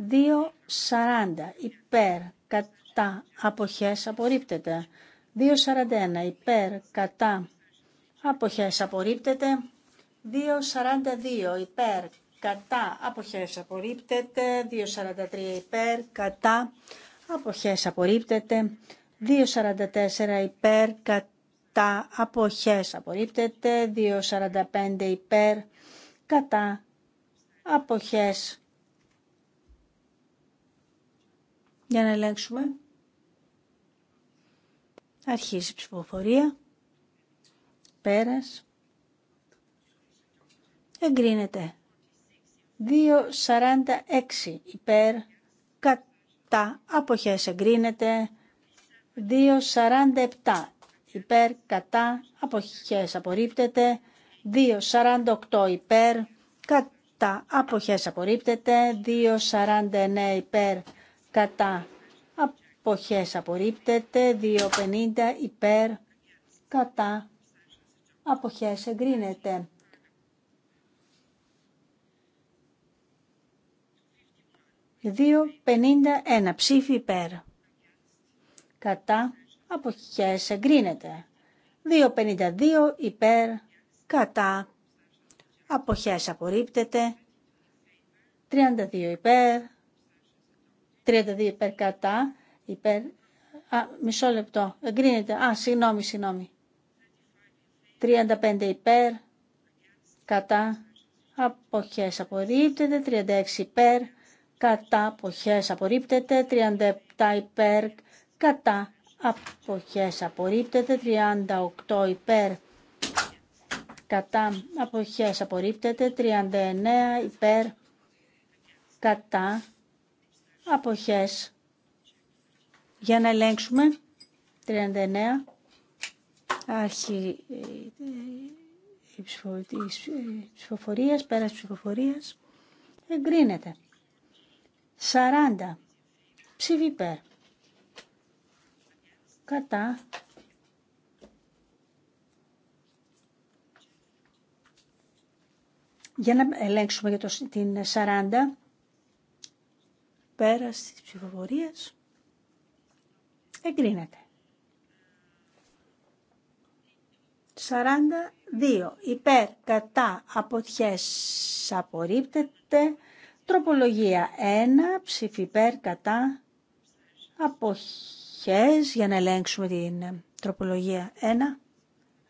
2.40 υπέρ κατά αποχές απορρίπτεται. 2.41 υπέρ κατά αποχές απορρίπτεται. 2.42 υπέρ κατά αποχές απορρίπτεται. 2.43 υπέρ κατά αποχές απορρίπτεται. 2.44 υπέρ κατά αποχές απορρίπτεται. 2.45 υπέρ κατά αποχές για να ελέγξουμε. Αρχίζει η ψηφοφορία. Πέρας. Εγκρίνεται. 2.46 υπέρ κατά αποχές εγκρίνεται. 2.47 υπέρ κατά αποχές απορρίπτεται. 2.48 υπέρ κατά αποχές απορρίπτεται. 2.49 υπέρ κατά αποχές απορρίπτεται, 2.50 υπέρ κατά αποχές εγκρίνεται. 2.51 ψήφι υπέρ κατά αποχές εγκρίνεται. 2.52 υπέρ κατά αποχές απορρίπτεται. 32 υπέρ 32 υπέρ κατά, υπέρ... Α, μισό λεπτό. Εγκρίνεται. Α, συγγνώμη, συγγνώμη. 35 υπέρ, κατά, αποχές απορρίπτεται. 36 υπέρ, κατά, αποχές απορρίπτεται. 37 υπέρ, κατά, αποχές απορρίπτεται. 38 υπέρ, κατά, αποχές απορρίπτεται. 39 υπέρ, κατά, αποχές. Για να ελέγξουμε. 39. Άρχη ε, ε, ε, ψηφοφορίας, πέρας ψηφοφορίας. Εγκρίνεται. 40. Ψήφι υπέρ. Κατά. Για να ελέγξουμε για το, την 40. Πέραση της ψηφοφορίας. Εγκρίνεται. 42. Υπέρ, κατά, αποτιές, απορρίπτεται. Τροπολογία 1. Ψήφι υπέρ, κατά, αποχές. Για να ελέγξουμε την τροπολογία 1.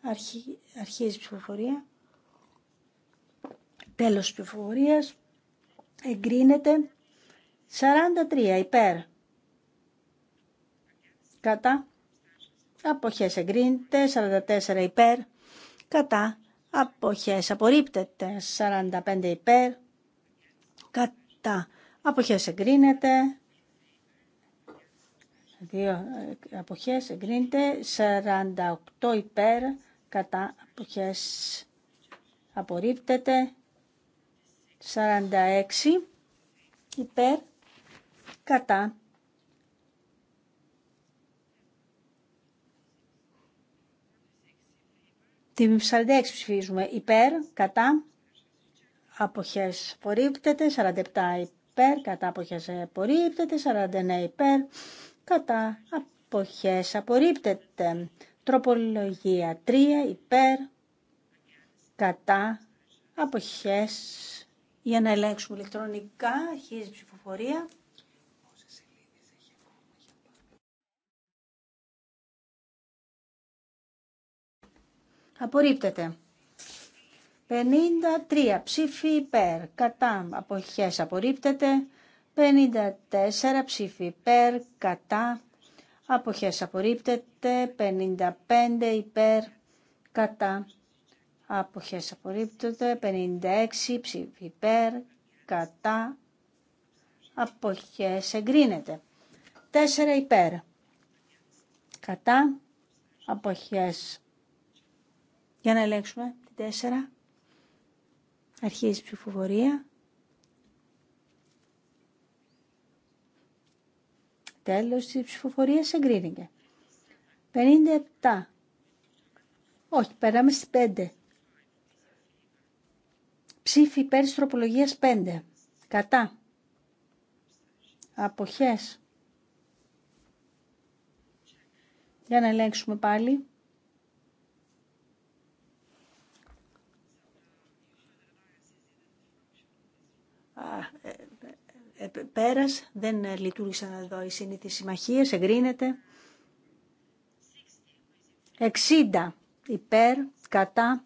Αρχι, αρχίζει η ψηφοφορία. Τέλος ψηφοφορίας. Εγκρίνεται. 43 υπέρ. Κατά. Αποχές εγκρίνεται. 44 υπέρ. Κατά. Αποχές απορρίπτεται. 45 υπέρ. Κατά. Αποχές εγκρίνεται. Δύο ε, αποχές εγκρίνεται. 48 υπέρ. Κατά. Αποχές απορρίπτεται. 46 υπέρ κατά Την 46 ψηφίζουμε υπέρ, κατά, αποχές απορρίπτεται, 47 υπέρ, κατά αποχές απορρίπτεται, 49 υπέρ, κατά αποχές απορρίπτεται. Τροπολογία 3 υπέρ, κατά αποχές. Για να ελέγξουμε ηλεκτρονικά, αρχίζει η ψηφοφορία. Απορρίπτεται. 53 ψήφοι υπέρ, κατά αποχές απορρίπτεται. 54 ψήφι υπέρ, κατά αποχές απορρίπτεται. 55 υπέρ, κατά αποχές απορρίπτεται. 56 ψήφι υπέρ, κατά αποχές εγκρίνεται. 4 υπέρ, κατά αποχές για να ελέγξουμε την 4. Αρχίζει η ψηφοφορία. Τέλος της ψηφοφορίας εγκρίνηκε. 57. Όχι, περάμε στις 5. Ψήφι υπέρ της τροπολογίας 5. Κατά. Αποχές. Για να ελέγξουμε πάλι. Ε, πέρας. Δεν ε, λειτουργήσαν εδώ οι συνήθεις συμμαχίες. Εγκρίνεται. 60 υπέρ, κατά,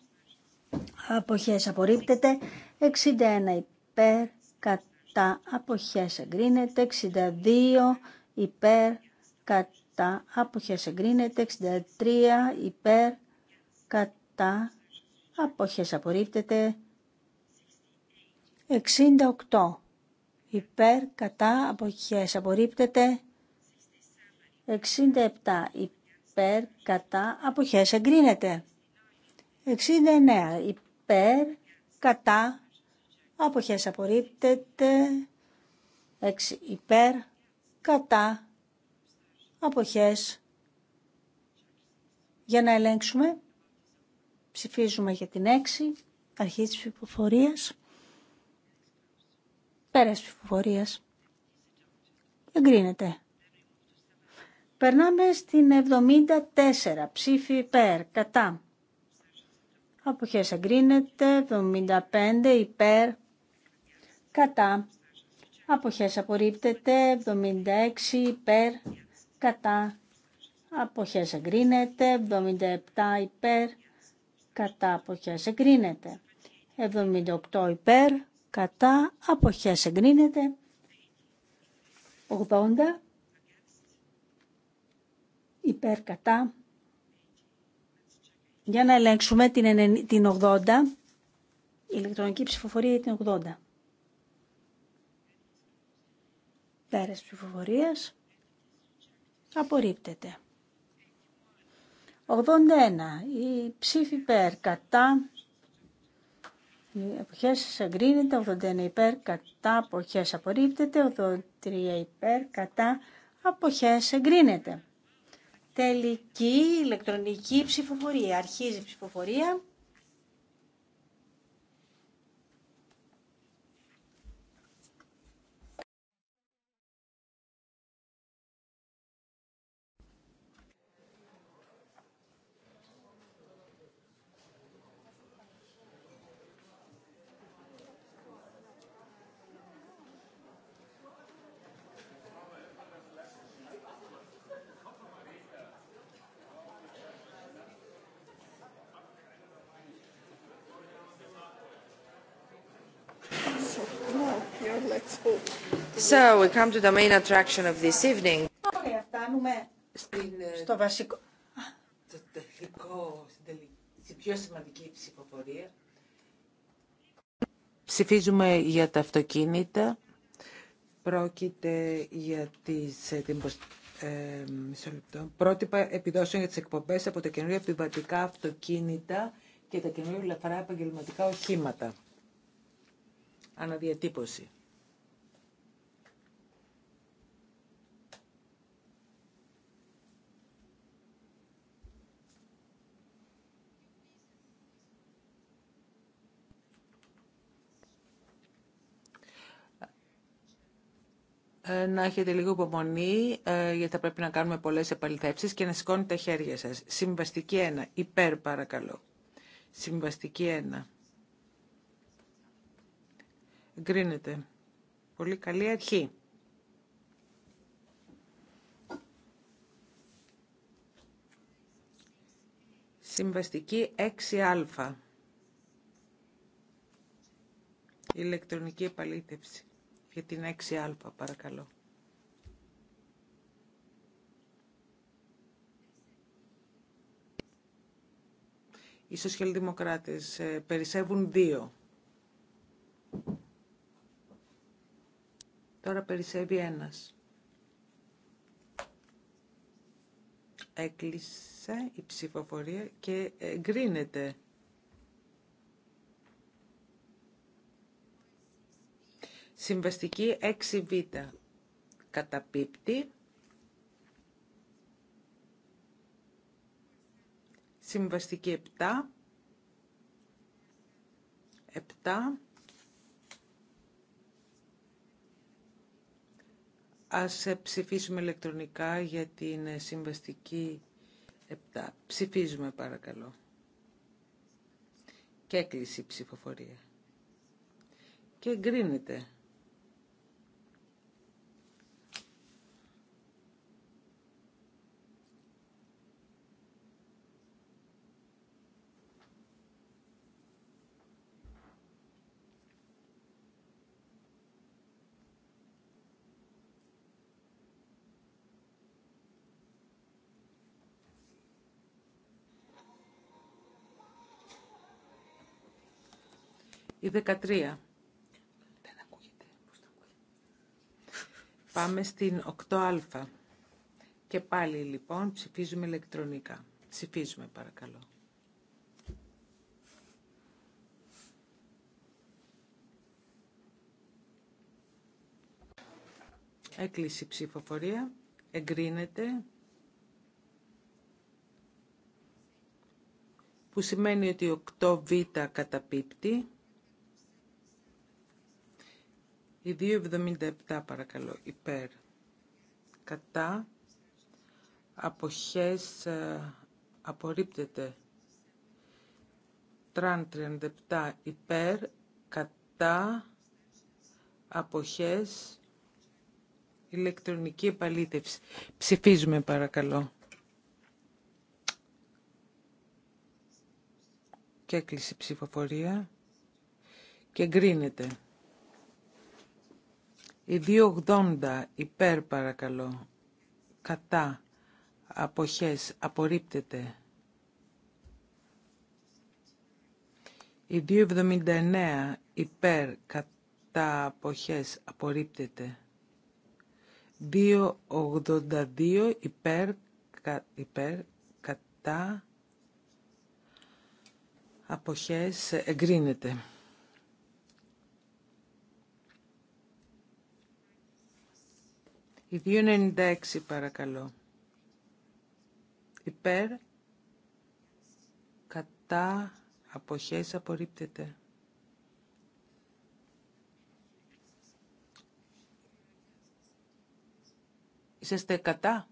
αποχές απορρίπτεται. 61 υπέρ, κατά, αποχές εγκρίνεται. 62 υπέρ, κατά, αποχές εγκρίνεται. 63 υπέρ, κατά, αποχές απορρίπτεται. 68 υπέρ, κατά, αποχές, απορρίπτεται. 67 υπέρ, κατά, αποχές, εγκρίνεται. 69 υπέρ, κατά, αποχές, απορρίπτεται. 6 υπέρ, κατά, αποχές. Για να ελέγξουμε. Ψηφίζουμε για την 6, αρχή της ψηφοφορίας. Πέρας ψηφοφορίας. Εγκρίνεται. Περνάμε στην 74. Ψήφι υπέρ. Κατά. Αποχές εγκρίνεται. 75 υπέρ. Κατά. Αποχές απορρίπτεται. 76 υπέρ. Κατά. Αποχές εγκρίνεται. 77 υπέρ. Κατά. Αποχές εγκρίνεται. 78 υπέρ κατά αποχές εγκρίνεται 80 υπέρ κατά για να ελέγξουμε την 80 η ηλεκτρονική ψηφοφορία είναι την 80 πέρας ψηφοφορίας απορρίπτεται 81 η ψήφι υπέρ κατά Εποχέ εγκρίνεται, 81 υπέρ κατά αποχές απορρίπτεται, 83 υπέρ κατά αποχές εγκρίνεται. Τελική ηλεκτρονική ψηφοφορία. Αρχίζει η ψηφοφορία. So we come to the main attraction of this evening. Ωραία, φτάνουμε στην, ε, στο βασικό. τελικό, στην πιο σημαντική ψηφοφορία. Ψηφίζουμε για τα αυτοκίνητα. Πρόκειται για τις ε, ε λεπτό. πρότυπα επιδόσεων για τις εκπομπές από τα καινούργια επιβατικά αυτοκίνητα και τα καινούργια λαφρά επαγγελματικά οχήματα. Αναδιατύπωση. Ε, να έχετε λίγο υπομονή, ε, γιατί θα πρέπει να κάνουμε πολλές επαληθεύσεις και να σηκώνετε τα χέρια σας. Συμβαστική 1. Υπέρ παρακαλώ. Συμβαστική 1. Εγκρίνεται. Πολύ καλή αρχή. Συμβαστική 6α. Ηλεκτρονική επαλήθευση για την 6α παρακαλώ. Οι σοσιαλδημοκράτες ε, περισσεύουν δύο. Τώρα περισσεύει ένας. Έκλεισε η ψηφοφορία και εγκρίνεται Συμβαστική 6β καταπίπτει. Συμβαστική 7. 7. Ας ε, ψηφίσουμε ηλεκτρονικά για την ε, συμβαστική 7. Ψηφίζουμε παρακαλώ. Και έκλεισε η ψηφοφορία. Και εγκρίνεται. Η 13. Πάμε στην 8α. Και πάλι λοιπόν ψηφίζουμε ηλεκτρονικά. Ψηφίζουμε παρακαλώ. Έκλεισε η ψηφοφορία. Εγκρίνεται. Που σημαίνει ότι 8β καταπίπτει. Η 277 παρακαλώ, υπέρ. Κατά. Αποχές ε, απορρίπτεται. Τραν 37 υπέρ. Κατά. Αποχές. Ηλεκτρονική επαλήθευση. Ψηφίζουμε παρακαλώ. Και έκλεισε η ψηφοφορία. Και εγκρίνεται. Η 280 υπέρ παρακαλώ. Κατά. Αποχές. Απορρίπτεται. Η 279 υπέρ κατά αποχές απορρίπτεται. 282 υπέρ, υπέρ κατά αποχές εγκρίνεται. Η 296 παρακαλώ. Υπέρ, κατά, αποχές απορρίπτεται. Είσαστε κατά.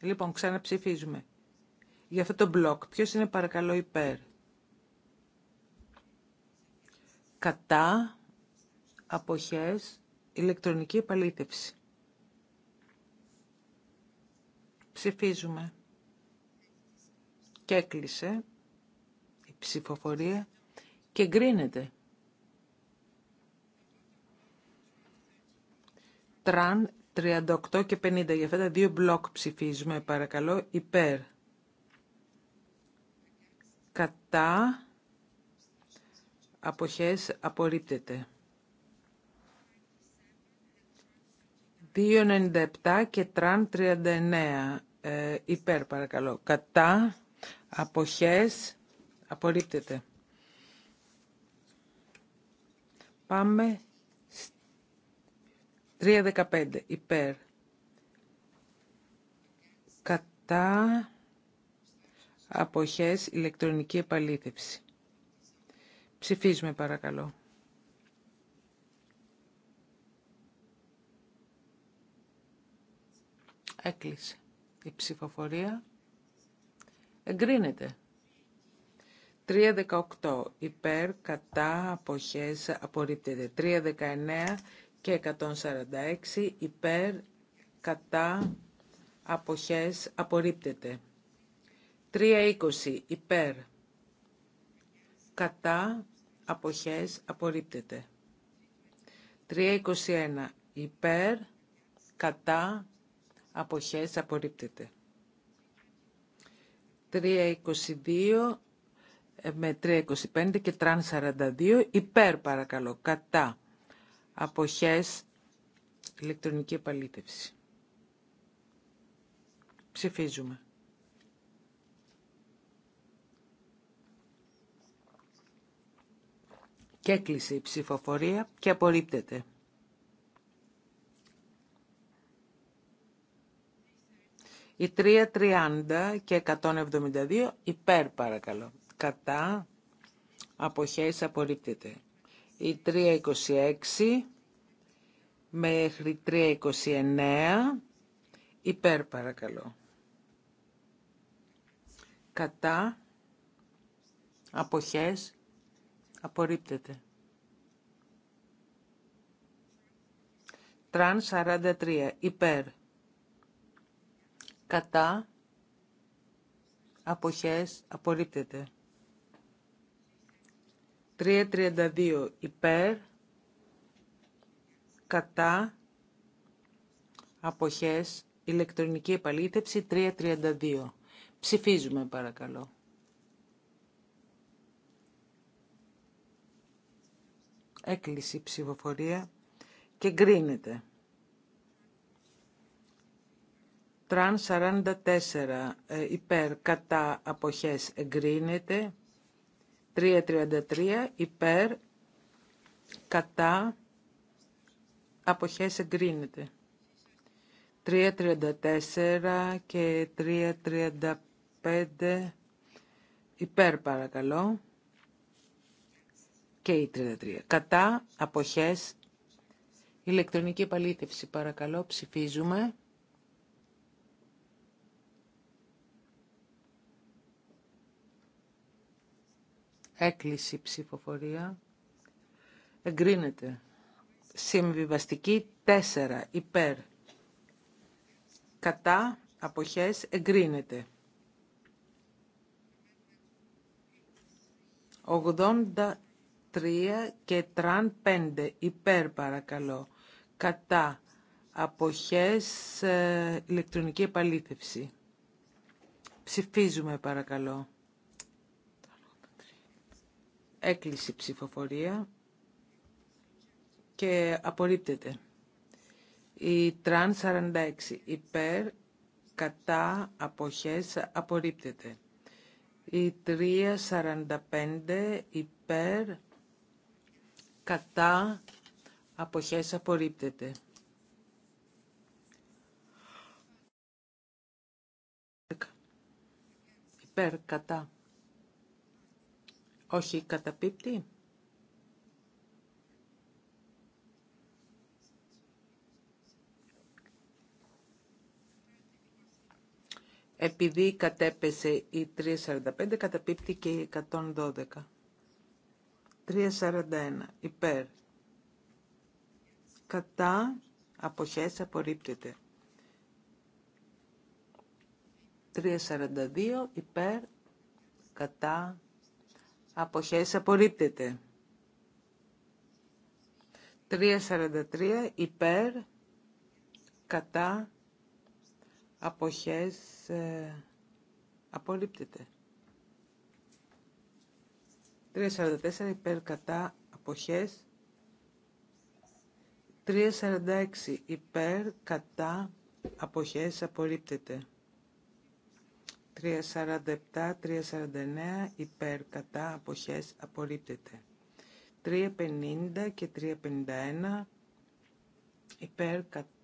Λοιπόν, ξαναψηφίζουμε. Για αυτό το μπλοκ, ποιος είναι παρακαλώ υπέρ. Κατά, αποχές, ηλεκτρονική επαλήθευση. Ψηφίζουμε. Και έκλεισε η ψηφοφορία και γκρίνεται. Τραν 38 και 50. Για αυτά τα δύο μπλοκ ψηφίζουμε παρακαλώ υπέρ. Κατά αποχές απορρίπτεται. 2.97 και τραν 39 ε, υπέρ παρακαλώ. Κατά, αποχές, απορρίπτεται. Πάμε 3.15 υπέρ. Κατά, αποχές, ηλεκτρονική επαλήθευση. Ψηφίζουμε παρακαλώ. Έκλεισε η ψηφοφορία εγκρίνεται. 3.18 υπέρ, κατά, αποχές, απορρίπτεται. 3.19 και 146 υπέρ, κατά, αποχές, απορρίπτεται. 3.20 υπέρ, κατά, αποχές, απορρίπτεται. 3.21 υπέρ, κατά, αποχές απορρίπτεται. 322 ε, με 325 και τραν 42 υπέρ παρακαλώ κατά αποχές ηλεκτρονική επαλήτευση. Ψηφίζουμε. Και έκλεισε η ψηφοφορία και απορρίπτεται. Η 330 και 172 υπέρ παρακαλώ. Κατά αποχές απορρίπτεται. Η 326 μέχρι 329 υπέρ παρακαλώ. Κατά αποχές απορρίπτεται. Τραν 43 υπέρ κατά αποχές απορρίπτεται. 3.32 υπέρ κατά αποχές ηλεκτρονική επαλήθευση 3.32. Ψηφίζουμε παρακαλώ. Έκλεισε η ψηφοφορία και γκρίνεται. Τραν 44 ε, υπέρ κατά αποχές εγκρίνεται. 333 υπέρ κατά αποχές εγκρίνεται. 334 και 335 υπέρ παρακαλώ και η 33. Κατά αποχές ηλεκτρονική επαλήθευση παρακαλώ ψηφίζουμε. Έκλειση ψηφοφορία. Εγκρίνεται. Συμβιβαστική 4. Υπέρ. Κατά. Αποχές. Εγκρίνεται. 83 και τραν 5. Υπέρ παρακαλώ. Κατά. Αποχές. Ε, ηλεκτρονική επαλήθευση. Ψηφίζουμε παρακαλώ. Έκλεισε ψηφοφορία και απορρίπτεται. Η τραν 46 υπέρ, κατά, αποχές, απορρίπτεται. Η 345 υπέρ, κατά, αποχές, απορρίπτεται. Υπέρ, κατά, όχι καταπίπτει. Επειδή κατέπεσε η 3.45, καταπίπτει και η 112. 3.41. Υπέρ. Κατά αποχές απορρίπτεται. 3.42. Υπέρ. Κατά αποχές απορρίπτεται. 3.43 υπέρ, κατά, αποχές ε, απορρίπτεται. 3.44 υπέρ, κατά, αποχές. 3.46 υπέρ, κατά, αποχές απορρίπτεται. 347-349 υπέρ κατά αποχές απορρίπτεται. 350 και 351 υπέρ κατά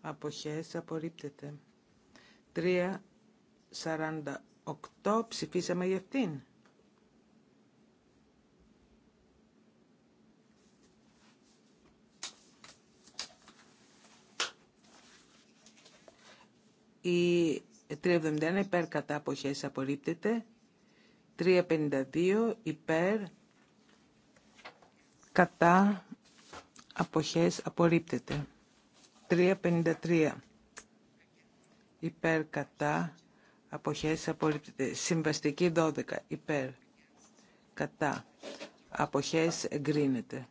αποχές απορρίπτεται. 348 ψηφίσαμε για αυτήν. Η 371 υπέρ κατά αποχές απορρίπτεται. 352 υπέρ κατά αποχές απορρίπτεται. 353 υπέρ κατά αποχές απορρίπτεται. Συμβαστική 12 υπέρ κατά αποχές εγκρίνεται.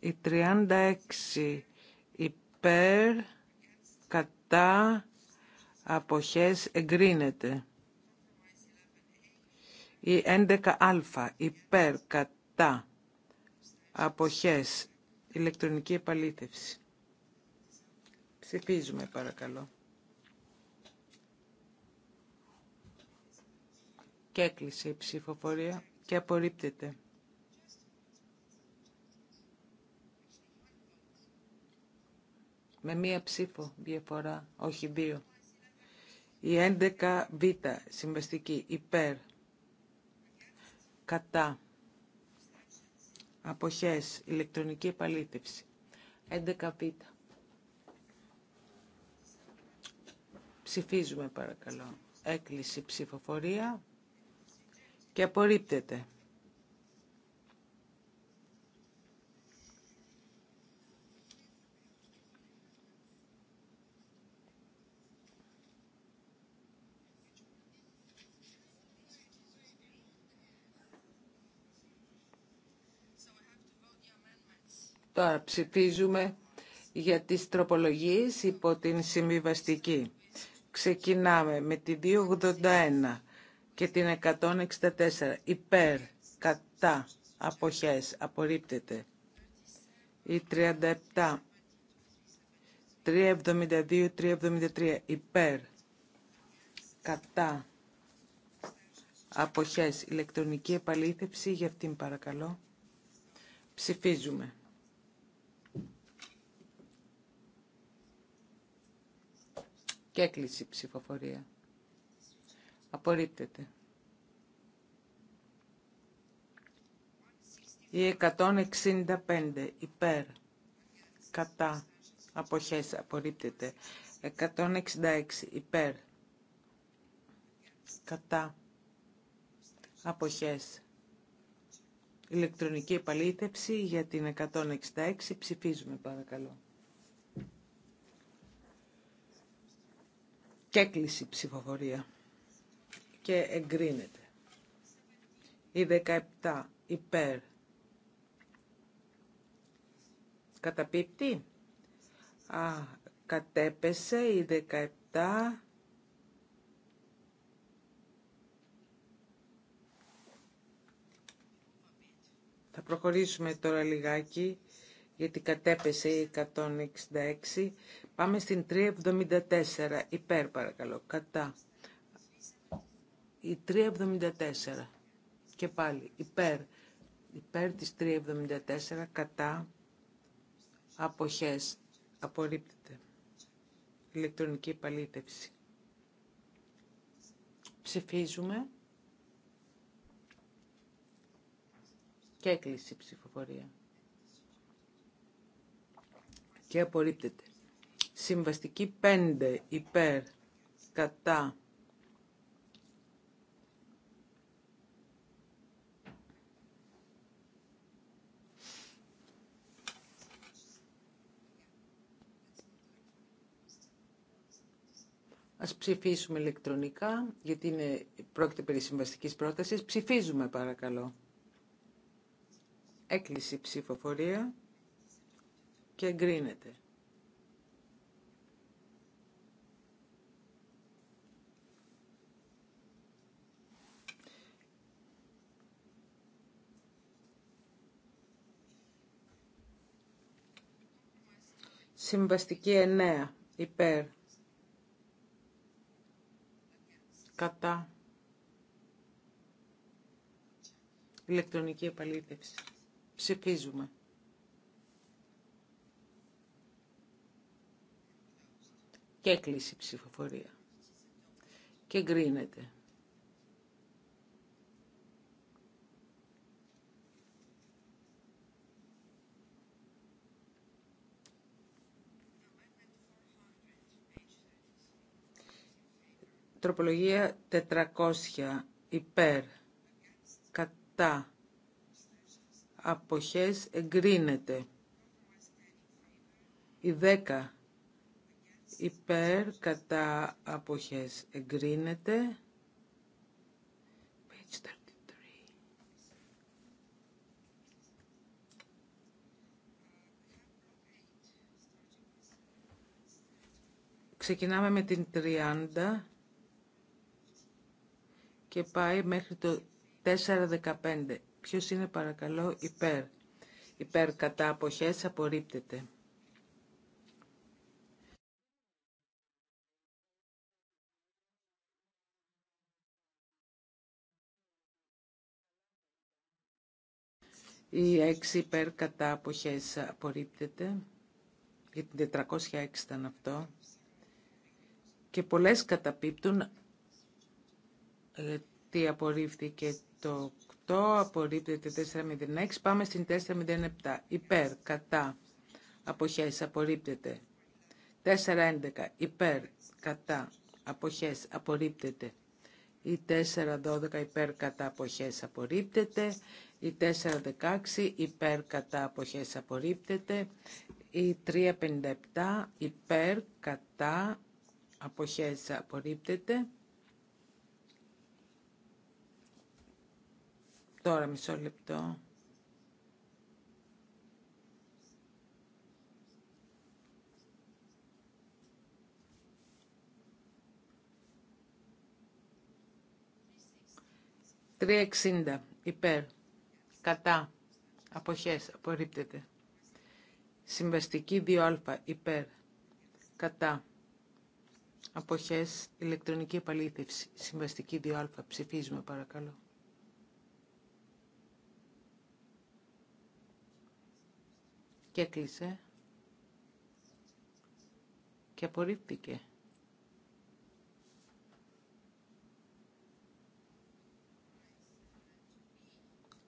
Η 36 υπέρ, κατά, αποχές εγκρίνεται. Η 11α υπέρ, κατά, αποχές, ηλεκτρονική επαλήθευση. Ψηφίζουμε παρακαλώ. Και έκλεισε η ψηφοφορία και απορρίπτεται. με μία ψήφο διαφορά, όχι δύο. Η 11 β συμβαστική υπέρ κατά αποχές ηλεκτρονική επαλήθευση. 11 β. Ψηφίζουμε παρακαλώ. Έκλειση ψηφοφορία και απορρίπτεται. Τώρα ψηφίζουμε για τις τροπολογίες υπό την συμβιβαστική. Ξεκινάμε με τη 281 και την 164. Υπέρ, κατά, αποχές, απορρίπτεται. Η 37, 372, 373. Υπέρ, κατά, αποχές. Ηλεκτρονική επαλήθευση για αυτήν παρακαλώ. Ψηφίζουμε. Και έκλεισε η ψηφοφορία. Απορρίπτεται. Η 165 υπέρ, κατά, αποχές, απορρίπτεται. 166 υπέρ, κατά, αποχές. Ηλεκτρονική επαλήθευση για την 166 ψηφίζουμε παρακαλώ. και έκλεισε ψηφοφορία και εγκρίνεται. Η 17 υπέρ καταπίπτει. Α, κατέπεσε η 17 Θα προχωρήσουμε τώρα λιγάκι γιατί κατέπεσε 166. Πάμε στην 374. Υπέρ παρακαλώ. Κατά. Η 374. Και πάλι. Υπέρ. Υπέρ της 374. Κατά. Αποχές. Απορρίπτεται. Ηλεκτρονική επαλήθευση. Ψηφίζουμε. Και έκλεισε η ψηφοφορία και απορρίπτεται. Συμβαστική 5 υπέρ κατά Ας ψηφίσουμε ηλεκτρονικά, γιατί είναι, πρόκειται περί συμβαστικής πρότασης. Ψηφίζουμε παρακαλώ. Έκλεισε η ψηφοφορία και εγκρίνεται. Συμβαστική εννέα. Υπέρ. Κατά. Ηλεκτρονική επαλήθευση. Ψηφίζουμε. Και κλείσει η ψηφοφορία. Και γκρίνεται. Τροπολογία 400 υπέρ κατά αποχές εγκρίνεται. Η 10 υπέρ κατά αποχές εγκρίνεται. Ξεκινάμε με την 30 και πάει μέχρι το 4.15. Ποιος είναι παρακαλώ υπέρ. Υπέρ κατά αποχές απορρίπτεται. Η 6 υπέρ κατά αποχές απορρίπτεται. Για την 406 ήταν αυτό. Και πολλές καταπίπτουν γιατί ε, απορρίφθηκε το 8, απορρίπτεται 406. Πάμε στην 407. Υπέρ, κατά, αποχές, απορρίπτεται. 411. Υπέρ, κατά, αποχές, απορρίπτεται. Η 412 υπέρ κατά αποχές απορρίπτεται. Η 416 υπέρ κατά αποχές απορρίπτεται. Η 357 υπέρ κατά αποχές απορρίπτεται. Τώρα μισό λεπτό. Τρία υπέρ κατά, αποχές, απορρίπτεται. Συμβαστική 2α, υπέρ, κατά, αποχές, ηλεκτρονική επαλήθευση. Συμβαστική 2α, ψηφίζουμε παρακαλώ. Και κλείσε. Και απορρίπτηκε.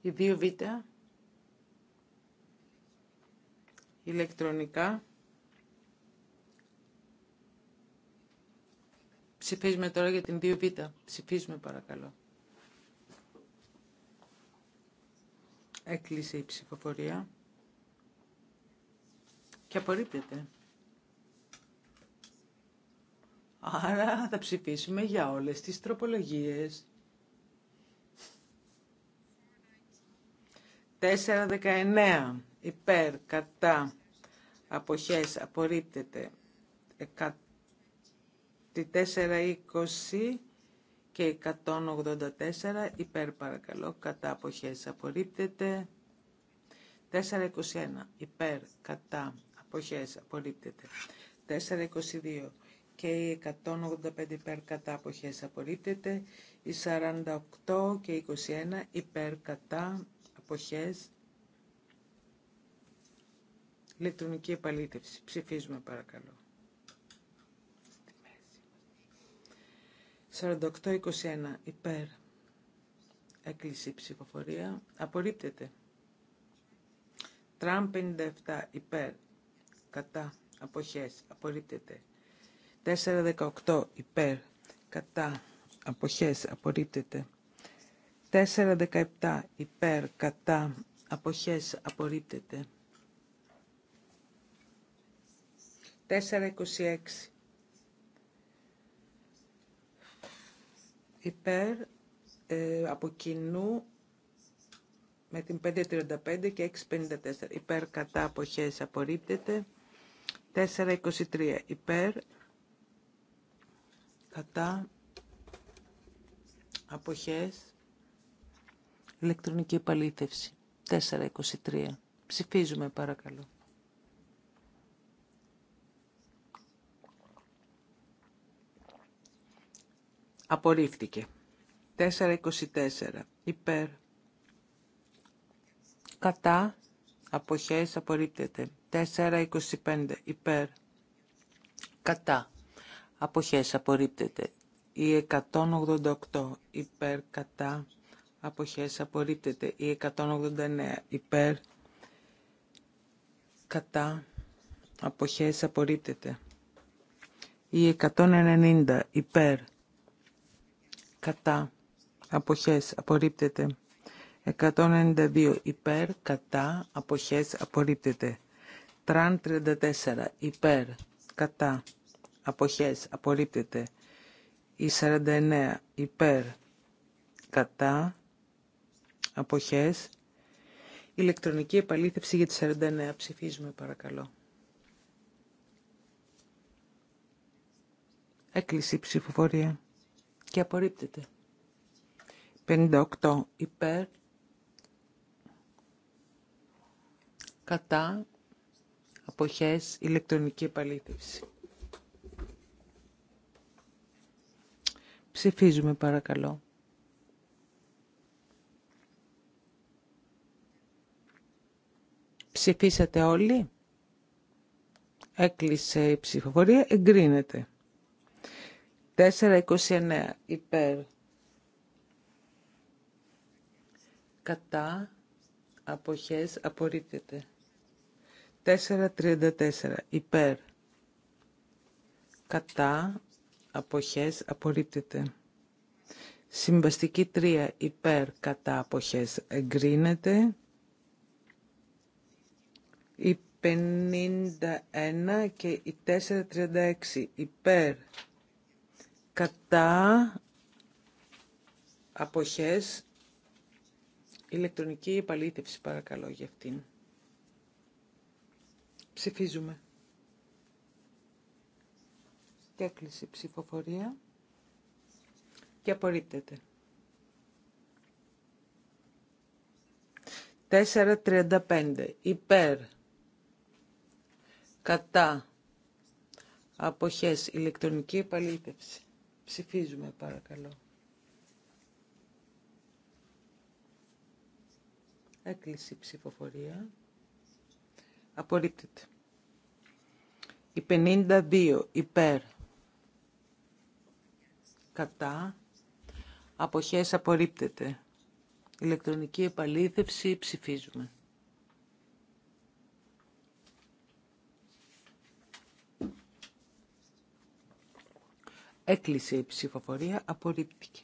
Η δύο β ηλεκτρονικά. Ψηφίζουμε τώρα για την 2β. Ψηφίζουμε παρακαλώ. Έκλεισε η ψηφοφορία και απορρίπτεται. Άρα θα ψηφίσουμε για όλες τις τροπολογίες. 419 υπέρ κατά αποχές απορρίπτεται 420 και 184 υπέρ παρακαλώ κατά αποχές απορρίπτεται 421 υπέρ κατά αποχές απορρίπτεται 422 και 185 υπέρ κατά αποχές απορρίπτεται, οι 48 και 21 υπέρ κατά αποχές Ηλεκτρονική επαλήθευση. Ψηφίζουμε παρακαλώ. 48-21 υπέρ έκλεισε η ψηφοφορία. Απορρίπτεται. Τραμ 57 υπέρ κατά αποχές. Απορρίπτεται. 4-18 υπέρ κατά αποχές. Απορρίπτεται. 417 υπέρ κατά αποχές απορρίπτεται. 426 υπέρ ε, από κοινού με την 535 και 654 υπέρ κατά αποχές απορρίπτεται. 423 υπέρ κατά αποχές ηλεκτρονική επαλήθευση. 423. Ψηφίζουμε παρακαλώ. Απορρίφθηκε. 424. Υπέρ. Κατά. Αποχές απορρίπτεται. 425. Υπέρ. Κατά. Αποχές απορρίπτεται. Η 188. Υπέρ. Κατά αποχές απορρίπτεται η 189 υπέρ κατά αποχές απορρίπτεται η 190 υπέρ κατά αποχές απορρίπτεται 192 υπέρ κατά αποχές απορρίπτεται τραν 34 υπέρ κατά αποχές απορρίπτεται η 49 υπέρ κατά αποχές. Ηλεκτρονική επαλήθευση για τη 49. Ψηφίζουμε παρακαλώ. Έκλεισε η ψηφοφορία και απορρίπτεται. 58 υπέρ, κατά, αποχές, ηλεκτρονική επαλήθευση. Ψηφίζουμε παρακαλώ. Ψηφίσατε όλοι. Έκλεισε η ψηφοφορία. Εγκρίνεται. 4.29 υπέρ. Κατά. Αποχές. Απορρίπτεται. 4.34 υπέρ. Κατά. Αποχές. Απορρίπτεται. Συμβαστική 3 υπέρ. Κατά. Αποχές. Εγκρίνεται. Η 51 και η 436 υπέρ κατά αποχές ηλεκτρονική επαλήθευση παρακαλώ για αυτήν. Ψηφίζουμε. Και έκλεισε ψηφοφορία και απορρίπτεται. 4.35 υπέρ κατά αποχές ηλεκτρονική επαλήθευση. Ψηφίζουμε παρακαλώ. Έκλεισε η ψηφοφορία. Απορρίπτεται. Η 52 υπέρ κατά αποχές απορρίπτεται. Ηλεκτρονική επαλήθευση ψηφίζουμε. Έκλεισε η ψηφοφορία. Απορρίπτηκε.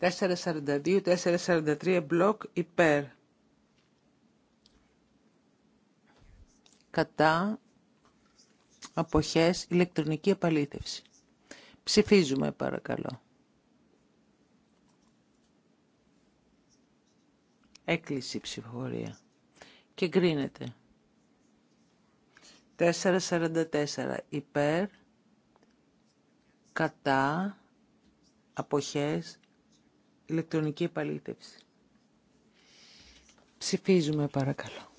Απορρίπτηκε. 443 μπλοκ υπέρ. Κατά αποχές ηλεκτρονική επαλήθευση. Ψηφίζουμε παρακαλώ. Έκλεισε η ψηφοφορία. Και γκρίνεται. 444 υπέρ, κατά, αποχές, ηλεκτρονική επαλήθευση. Ψηφίζουμε παρακαλώ.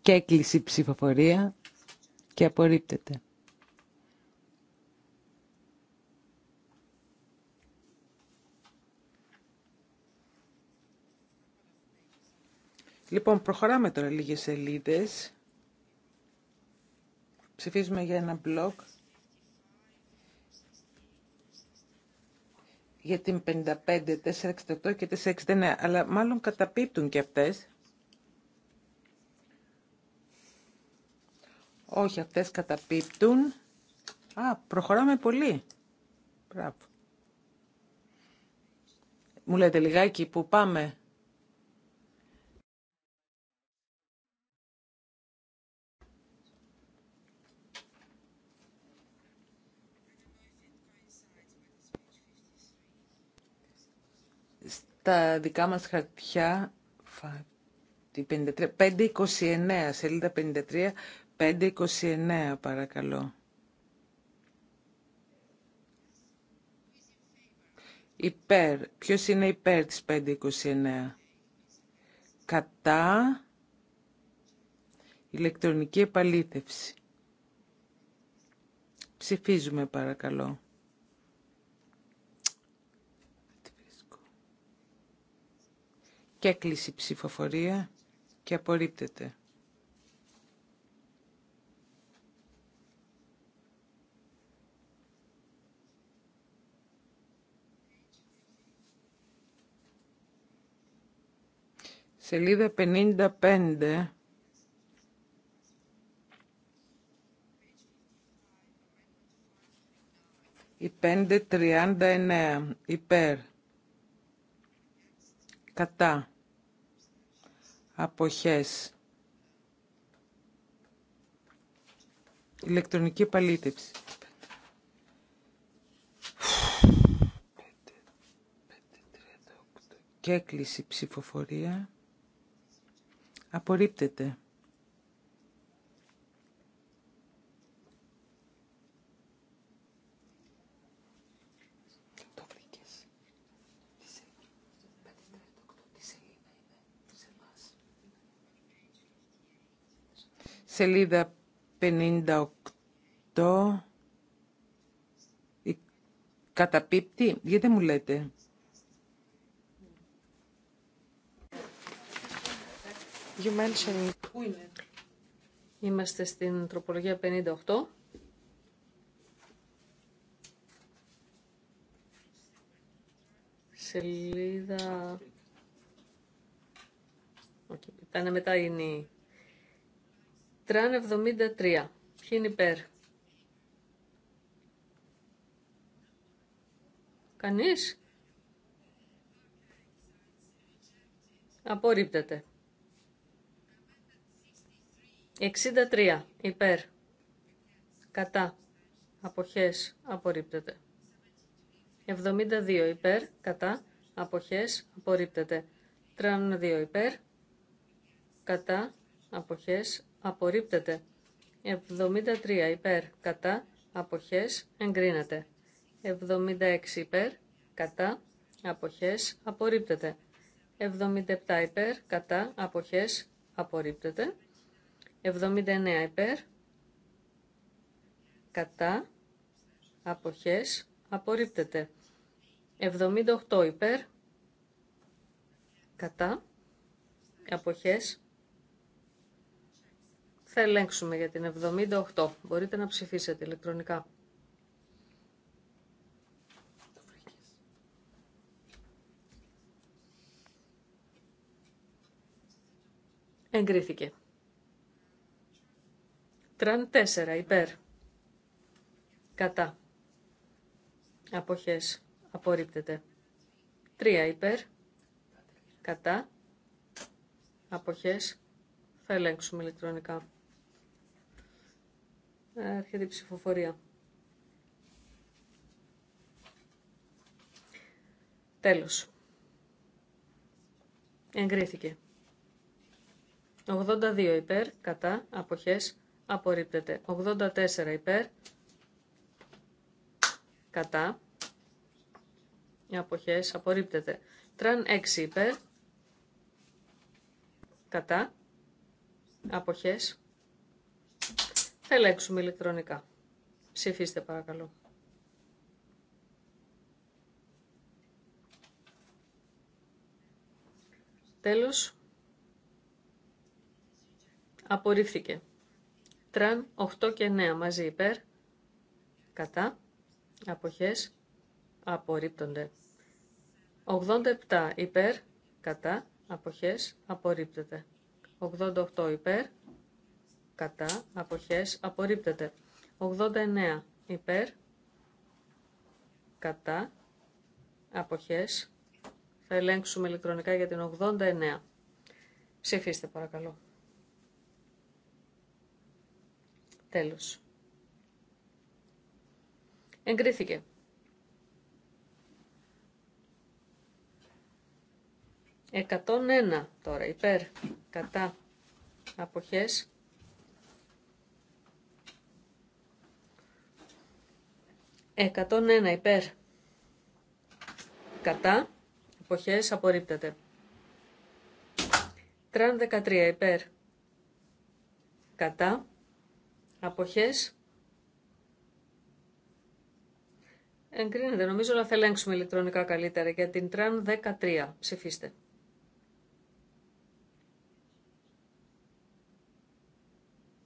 Και έκλεισε η ψηφοφορία και απορρίπτεται. Λοιπόν, προχωράμε τώρα λίγες σελίδες. Ψηφίζουμε για ένα blog. για την 55, 468 και 469, αλλά μάλλον καταπίπτουν και αυτές. Όχι, αυτές καταπίπτουν. Α, προχωράμε πολύ. Μπράβο. Μου λέτε λιγάκι που πάμε. τα δικά μας χαρτιά 529, σελίδα 53, 529 παρακαλώ. Υπέρ. Ποιος είναι υπέρ της 529. Κατά ηλεκτρονική επαλήθευση. Ψηφίζουμε παρακαλώ. και κλείσει ψηφοφορία και απορρίπτεται. Σελίδα 55 Η 539 υπέρ κατά αποχές ηλεκτρονική επαλήθευση. Και έκλειση ψηφοφορία. Απορρίπτεται. Σελίδα 58 καταπίπτει. Γιατί μου λέτε. You mentioned... Πού είναι. Είμαστε στην τροπολογία 58. Σελίδα... Okay. Ήταν μετά είναι η Τραν 73. Ποιοι είναι υπέρ. Κανείς. Απορρίπτεται. 63. Υπέρ. Κατά. Αποχές. Απορρίπτεται. 72. Υπέρ. Κατά. Αποχές. Απορρίπτεται. Τραν 2. Υπέρ. Κατά. Αποχές απορρίπτεται. 73 υπέρ κατά αποχές εγκρίνεται. 76 υπέρ κατά αποχές απορρίπτεται. 77 υπέρ κατά αποχές απορρίπτεται. 79 υπέρ κατά αποχές απορρίπτεται. 78 υπέρ κατά αποχές θα ελέγξουμε για την 78. Μπορείτε να ψηφίσετε ηλεκτρονικά. Εγκρίθηκε. Τραν 4 υπέρ. Κατά. Αποχές. Απορρίπτεται. 3 υπέρ. Κατά. Αποχές. Θα ελέγξουμε ηλεκτρονικά. Έρχεται η ψηφοφορία. Τέλος. Εγκρίθηκε. 82 υπέρ, κατά, αποχές, απορρίπτεται. 84 υπέρ, κατά, αποχές, απορρίπτεται. Τραν 6 υπέρ, κατά, αποχές, θα ελέγξουμε ηλεκτρονικά. Ψηφίστε παρακαλώ. Τέλος. Απορρίφθηκε. Τραν 8 και 9 μαζί υπέρ. Κατά. Αποχές. Απορρίπτονται. 87 υπέρ. Κατά. Αποχές. Απορρίπτεται. 88 υπέρ κατά, αποχές, απορρίπτεται. 89 υπέρ, κατά, αποχές. Θα ελέγξουμε ηλεκτρονικά για την 89. Ψηφίστε παρακαλώ. Τέλος. Εγκρίθηκε. Εκατόν τώρα, υπέρ, κατά, αποχές, 101 υπέρ. Κατά. Εποχές απορρίπτεται. Τραν 13 υπέρ. Κατά. Αποχές. Εγκρίνεται. Νομίζω να θα ελέγξουμε ηλεκτρονικά καλύτερα για την Τραν 13. Ψηφίστε.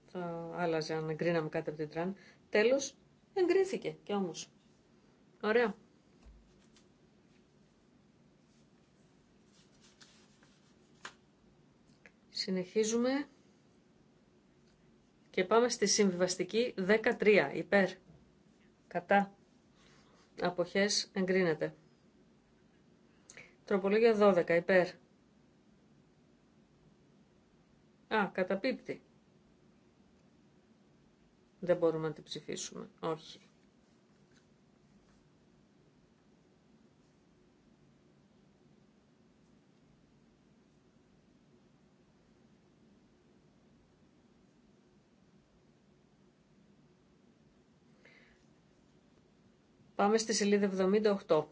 Θα άλλαζε αν εγκρίναμε κάτι από την Τραν. Τέλος. Εγκρίθηκε και όμως. Ωραία. Συνεχίζουμε και πάμε στη συμβιβαστική 13 υπέρ. Κατά. Αποχές εγκρίνεται. Τροπολογία 12 υπέρ. Α, καταπίπτει. Δεν μπορούμε να την ψηφίσουμε. Όχι. Πάμε στη σελίδα 78.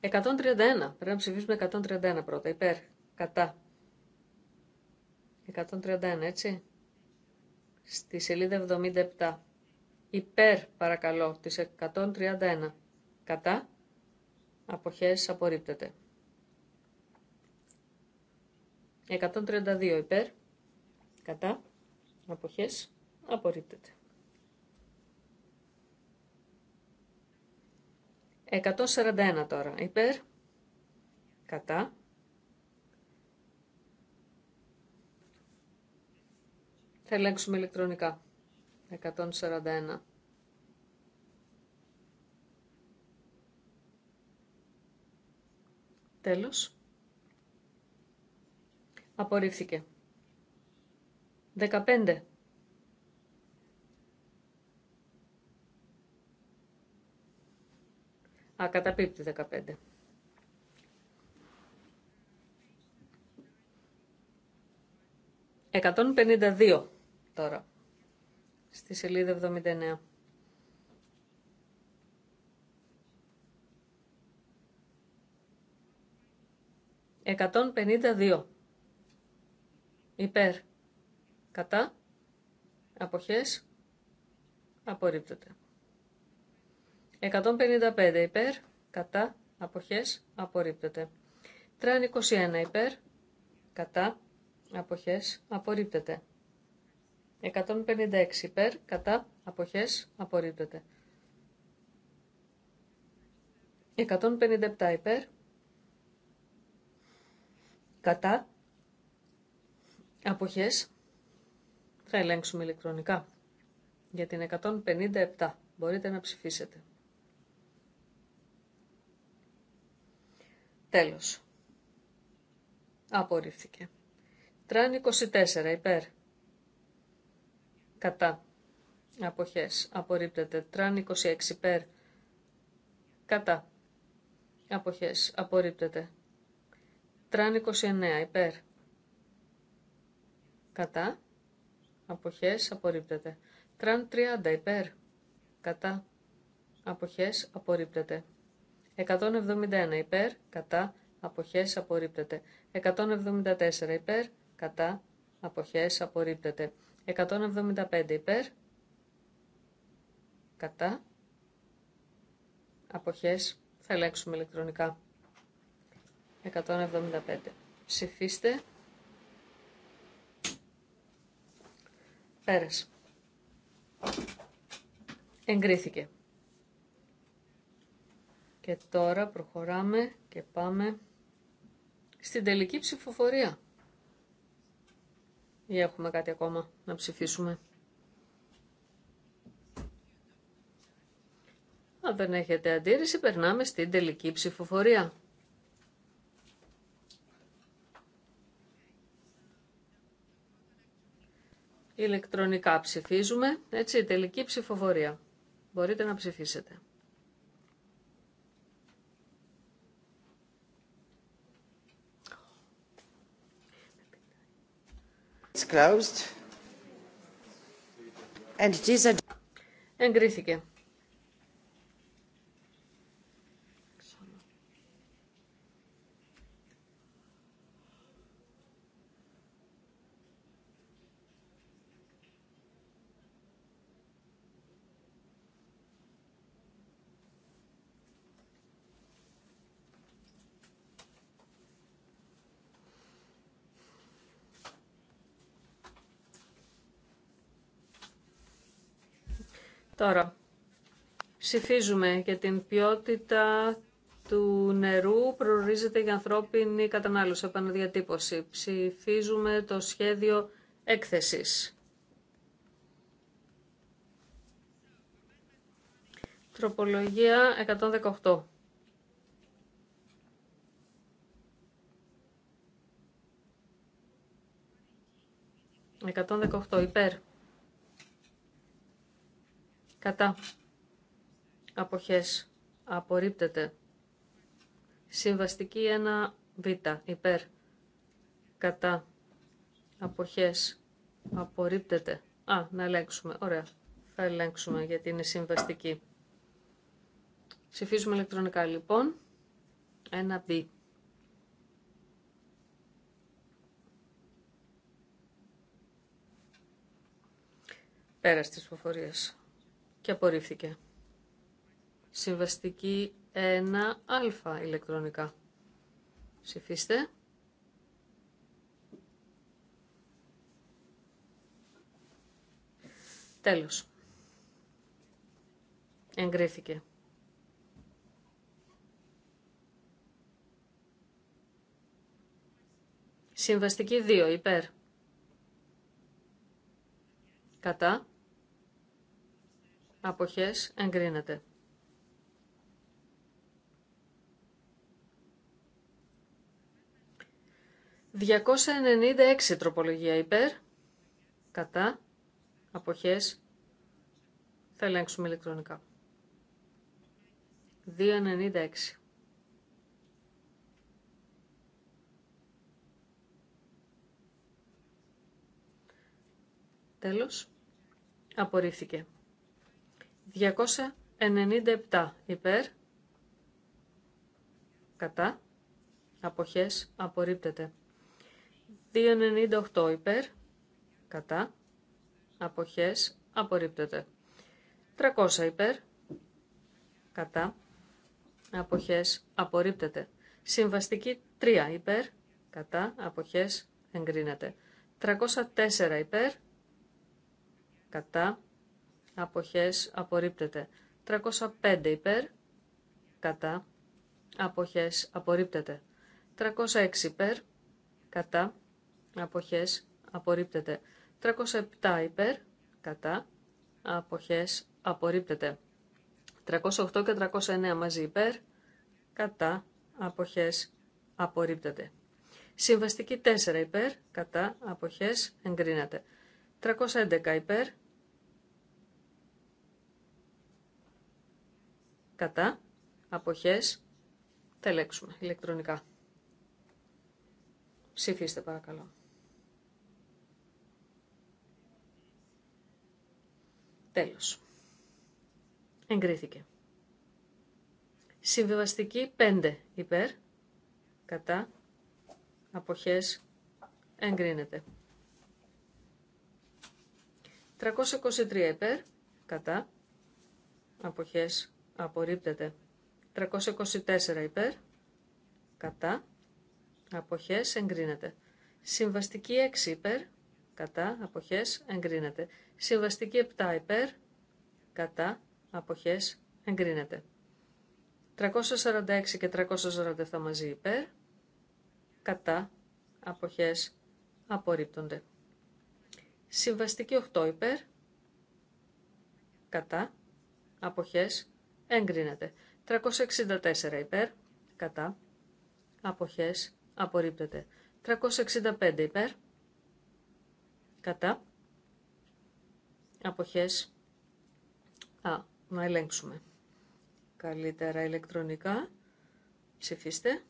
131. Πρέπει να ψηφίσουμε 131 πρώτα. Υπέρ. Κατά. 131, έτσι. Στη σελίδα 77. Υπέρ, παρακαλώ, της 131. Κατά. Αποχές απορρίπτεται. 132 υπέρ. Κατά. Αποχές απορρίπτεται. 141 τώρα. Υπέρ. Κατά. Θα ελέγξουμε ηλεκτρονικά. 141. Τέλος. Απορρίφθηκε. 15. Α, καταπίπτει 15. Εκατόν τώρα, στη σελίδα 79. Εκατόν πενήντα δύο. Υπέρ. Κατά. Αποχές. Απορρίπτεται. 155 υπέρ, κατά, αποχές, απορρίπτεται. 321 21 υπέρ, κατά, αποχές, απορρίπτεται. 156 υπέρ, κατά, αποχές, απορρίπτεται. 157 υπέρ, κατά, αποχές, θα ελέγξουμε ηλεκτρονικά. Για την 157 μπορείτε να ψηφίσετε. Τέλος. Απορρίφθηκε. Τραν 24 υπέρ. Κατά. Αποχές. Απορρίπτεται. Τραν 26 υπέρ. Κατά. Αποχές. Απορρίπτεται. Τραν 29 υπέρ. Κατά. Αποχές. Απορρίπτεται. Τραν 30 υπέρ. Κατά. Αποχές. Απορρίπτεται. 171 υπέρ, κατά, αποχές απορρίπτεται. 174 υπέρ, κατά, αποχές απορρίπτεται. 175 υπέρ, κατά, αποχές, θα ελέγξουμε ηλεκτρονικά. 175. Ψηφίστε. Πέρασε. Εγκρίθηκε. Και τώρα προχωράμε και πάμε στην τελική ψηφοφορία. Ή έχουμε κάτι ακόμα να ψηφίσουμε. Αν δεν έχετε αντίρρηση, περνάμε στην τελική ψηφοφορία. Ηλεκτρονικά ψηφίζουμε, έτσι, τελική ψηφοφορία. Μπορείτε να ψηφίσετε. It's closed. And it is a... Εγκρίθηκε. Τώρα, ψηφίζουμε για την ποιότητα του νερού προορίζεται για ανθρώπινη κατανάλωση, επαναδιατύπωση. Ψηφίζουμε το σχέδιο έκθεσης. Τροπολογία 118. 118, υπέρ κατά αποχές απορρίπτεται. ένα 1β υπέρ κατά αποχές απορρίπτεται. Α, να ελέγξουμε. Ωραία. Θα ελέγξουμε γιατί είναι συμβαστική. Ψηφίζουμε ηλεκτρονικά λοιπόν. 1Β. Πέρα στις και απορρίφθηκε. Συμβαστική 1α ηλεκτρονικά. Ψηφίστε. Τέλος. Εγκρίθηκε. Συμβαστική 2 υπέρ. Κατά αποχές εγκρίνεται. «296 τροπολογία υπέρ, κατά, αποχές, θα ελέγξουμε ηλεκτρονικά». 296. Τέλος. Απορρίφθηκε. 297 υπέρ, κατά, αποχές απορρίπτεται. 298 υπέρ, κατά, αποχές απορρίπτεται. 300 υπέρ, κατά, αποχές απορρίπτεται. Συμβαστική 3 υπέρ, κατά, αποχές εγκρίνεται. 304 υπέρ, κατά, αποχές απορρίπτεται. 305 υπέρ, κατά, αποχές απορρίπτεται. 306 υπέρ, κατά, αποχές απορρίπτεται. 307 υπέρ, κατά, αποχές απορρίπτεται. 308 και 309 μαζί υπέρ, κατά, αποχές απορρίπτεται. Συμβαστική 4 υπέρ, κατά, αποχές εγκρίνεται. 311 υπέρ, κατά, αποχές, τελέξουμε ηλεκτρονικά. Ψηφίστε παρακαλώ. Τέλος. Εγκρίθηκε. Συμβιβαστική 5 υπέρ, κατά, αποχές, εγκρίνεται. 323 υπέρ, κατά, αποχές, απορρίπτεται. 324 υπέρ, κατά, αποχές, εγκρίνεται. Συμβαστική 6 υπέρ, κατά, αποχές, εγκρίνεται. Συμβαστική 7 υπέρ, κατά, αποχές, εγκρίνεται. 346 και 347 μαζί υπέρ, κατά, αποχές, απορρίπτονται. Συμβαστική 8 υπέρ, κατά, αποχές, Εγκρίνεται. 364 υπέρ. Κατά. Αποχές. Απορρίπτεται. 365 υπέρ. Κατά. Αποχές. Α, να ελέγξουμε. Καλύτερα ηλεκτρονικά. Ψηφίστε.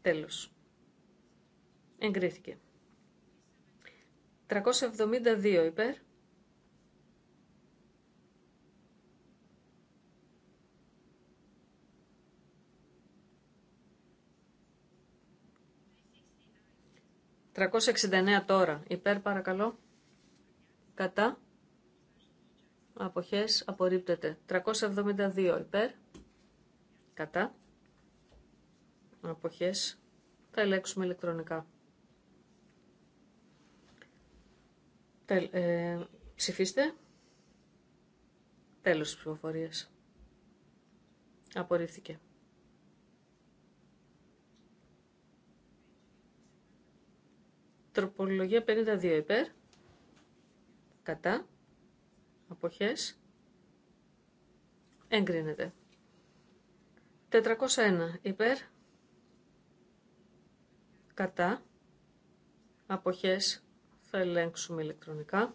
Τέλος. Εγκρίθηκε. 372 υπέρ. «369 τώρα. Υπέρ παρακαλώ. Κατά. Αποχές απορρίπτεται. 372 υπέρ. Κατά αποχές θα ελέγξουμε ηλεκτρονικά. Τελ, ε, ψηφίστε. Τέλος της ψηφοφορίας. Απορρίφθηκε. Τροπολογία 52 υπέρ. Κατά. Αποχές. Εγκρίνεται. 401 υπέρ κατά, αποχές θα ελέγξουμε ηλεκτρονικά.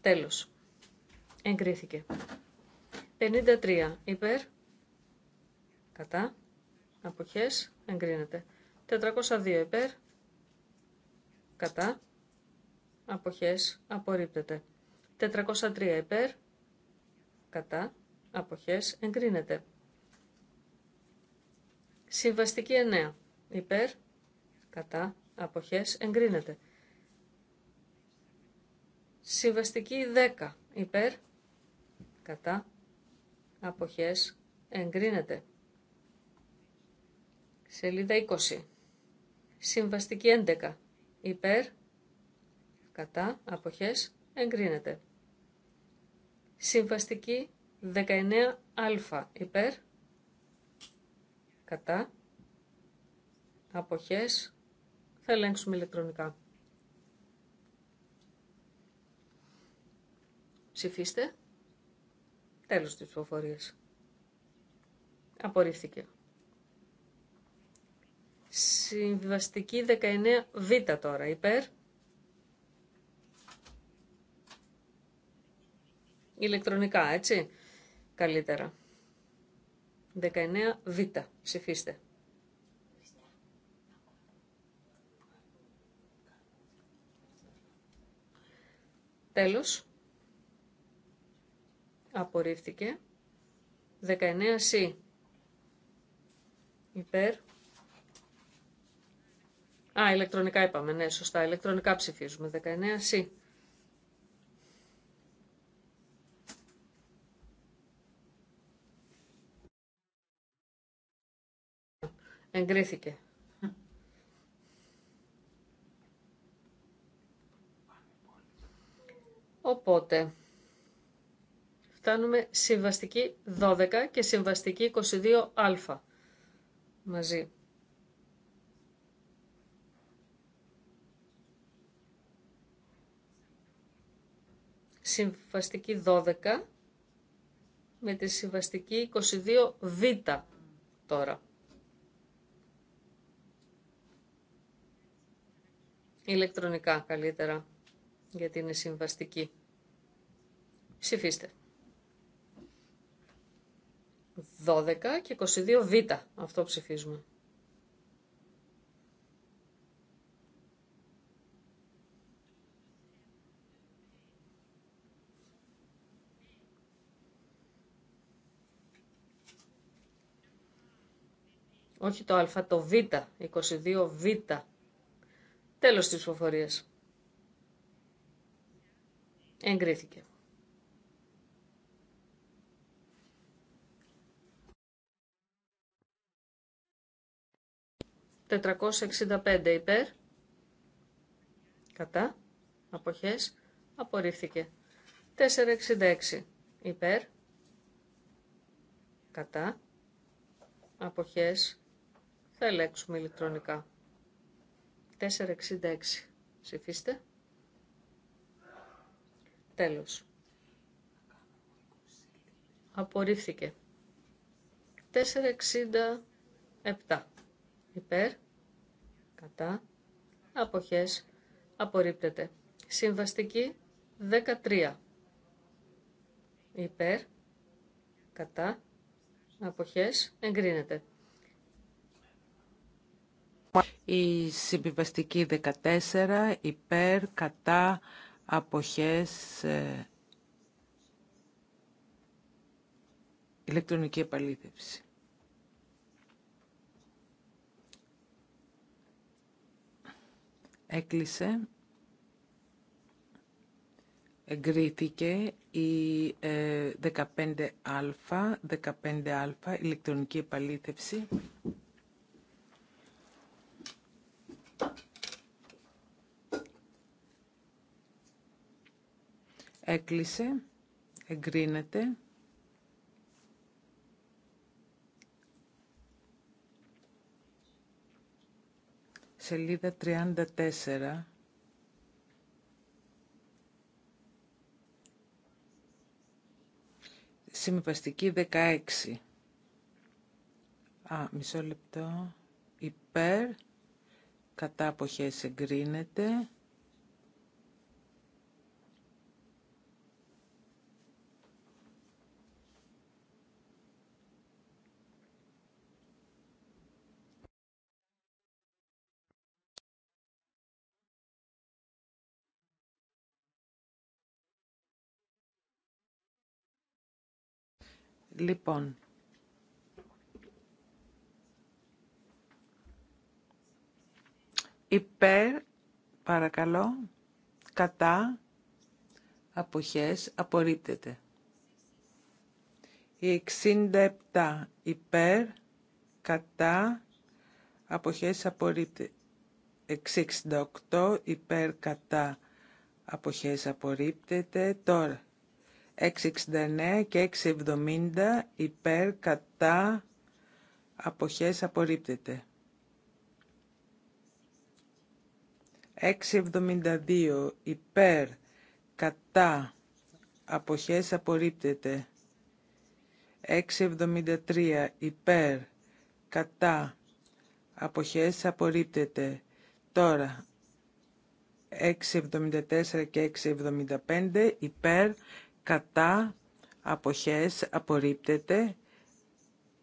Τέλος. Εγκρίθηκε. 53 υπέρ, κατά, αποχές, εγκρίνεται. 402 υπέρ, κατά, αποχές, απορρίπτεται. 403 υπέρ, κατά, αποχές εγκρίνεται. Συμβαστική 9. Υπέρ, κατά, αποχές εγκρίνεται. Συμβαστική 10. Υπέρ, κατά, αποχές εγκρίνεται. Σελίδα 20. Συμβαστική 11. Υπέρ, κατά, αποχές εγκρίνεται. Συμβαστική 19α υπέρ, κατά, αποχές, θα ελέγξουμε ηλεκτρονικά. Ψηφίστε. Τέλος της ψηφοφορίας. Απορρίφθηκε. Συμβαστική 19β τώρα υπέρ. Ηλεκτρονικά, έτσι καλύτερα. 19 Β. Ψηφίστε. Τέλος. Απορρίφθηκε. 19 Σ. Υπέρ. Α, ηλεκτρονικά είπαμε, ναι, σωστά. Ηλεκτρονικά ψηφίζουμε. 19 Σ. Εγκρίθηκε. Οπότε, φτάνουμε συμβαστική 12 και συμβαστική 22α μαζί. Συμβαστική 12 με τη συμβαστική 22β τώρα. Ηλεκτρονικά καλύτερα, γιατί είναι συμβαστική. Ψηφίστε. 12 και 22 β. Αυτό ψηφίζουμε. Όχι το α, το β, 22 β Τέλος της ψηφοφορίας. Εγκρίθηκε. «465 υπέρ, κατά, αποχές, απορρίφθηκε. 466 υπέρ, κατά, αποχές, θα ελέγξουμε ηλεκτρονικά. 466. Ψηφίστε. Τέλος. Απορρίφθηκε. 467. Υπέρ. Κατά. Αποχές. Απορρίπτεται. Συμβαστική 13. Υπέρ. Κατά. Αποχές. Εγκρίνεται. Η συμπιβαστική 14 υπέρ κατά αποχές ε, ηλεκτρονική επαλήθευση. Έκλεισε. Εγκρίθηκε η 15α, ε, 15α ηλεκτρονική επαλήθευση. Έκλεισε. Εγκρίνεται. Σελίδα 34. Συμβαστική 16. Α, μισό λεπτό. Υπέρ. Κατά αποχές εγκρίνεται. Λοιπόν, υπέρ, παρακαλώ, κατά, αποχές, απορρίπτεται. Η 67 υπέρ, κατά, αποχές, απορρίπτεται. 68 υπέρ, κατά, αποχές, απορρίπτεται. Τώρα, 669 και 670 υπέρ κατά αποχές απορρίπτεται. 672 υπέρ κατά αποχές απορρίπτεται. 673 υπέρ κατά αποχές απορρίπτεται. Τώρα 674 και 675 υπέρ κατά αποχές απορρίπτεται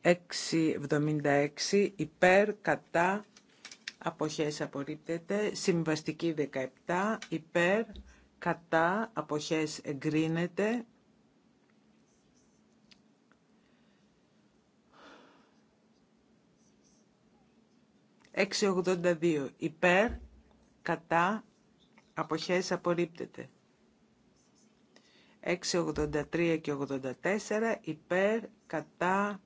676 υπέρ κατά αποχές απορρίπτεται συμβαστική 17 υπέρ κατά αποχές εγκρίνεται ...682 υπέρ, κατά, αποχές απορρίπτεται. 683 και 84 υπέρ κατά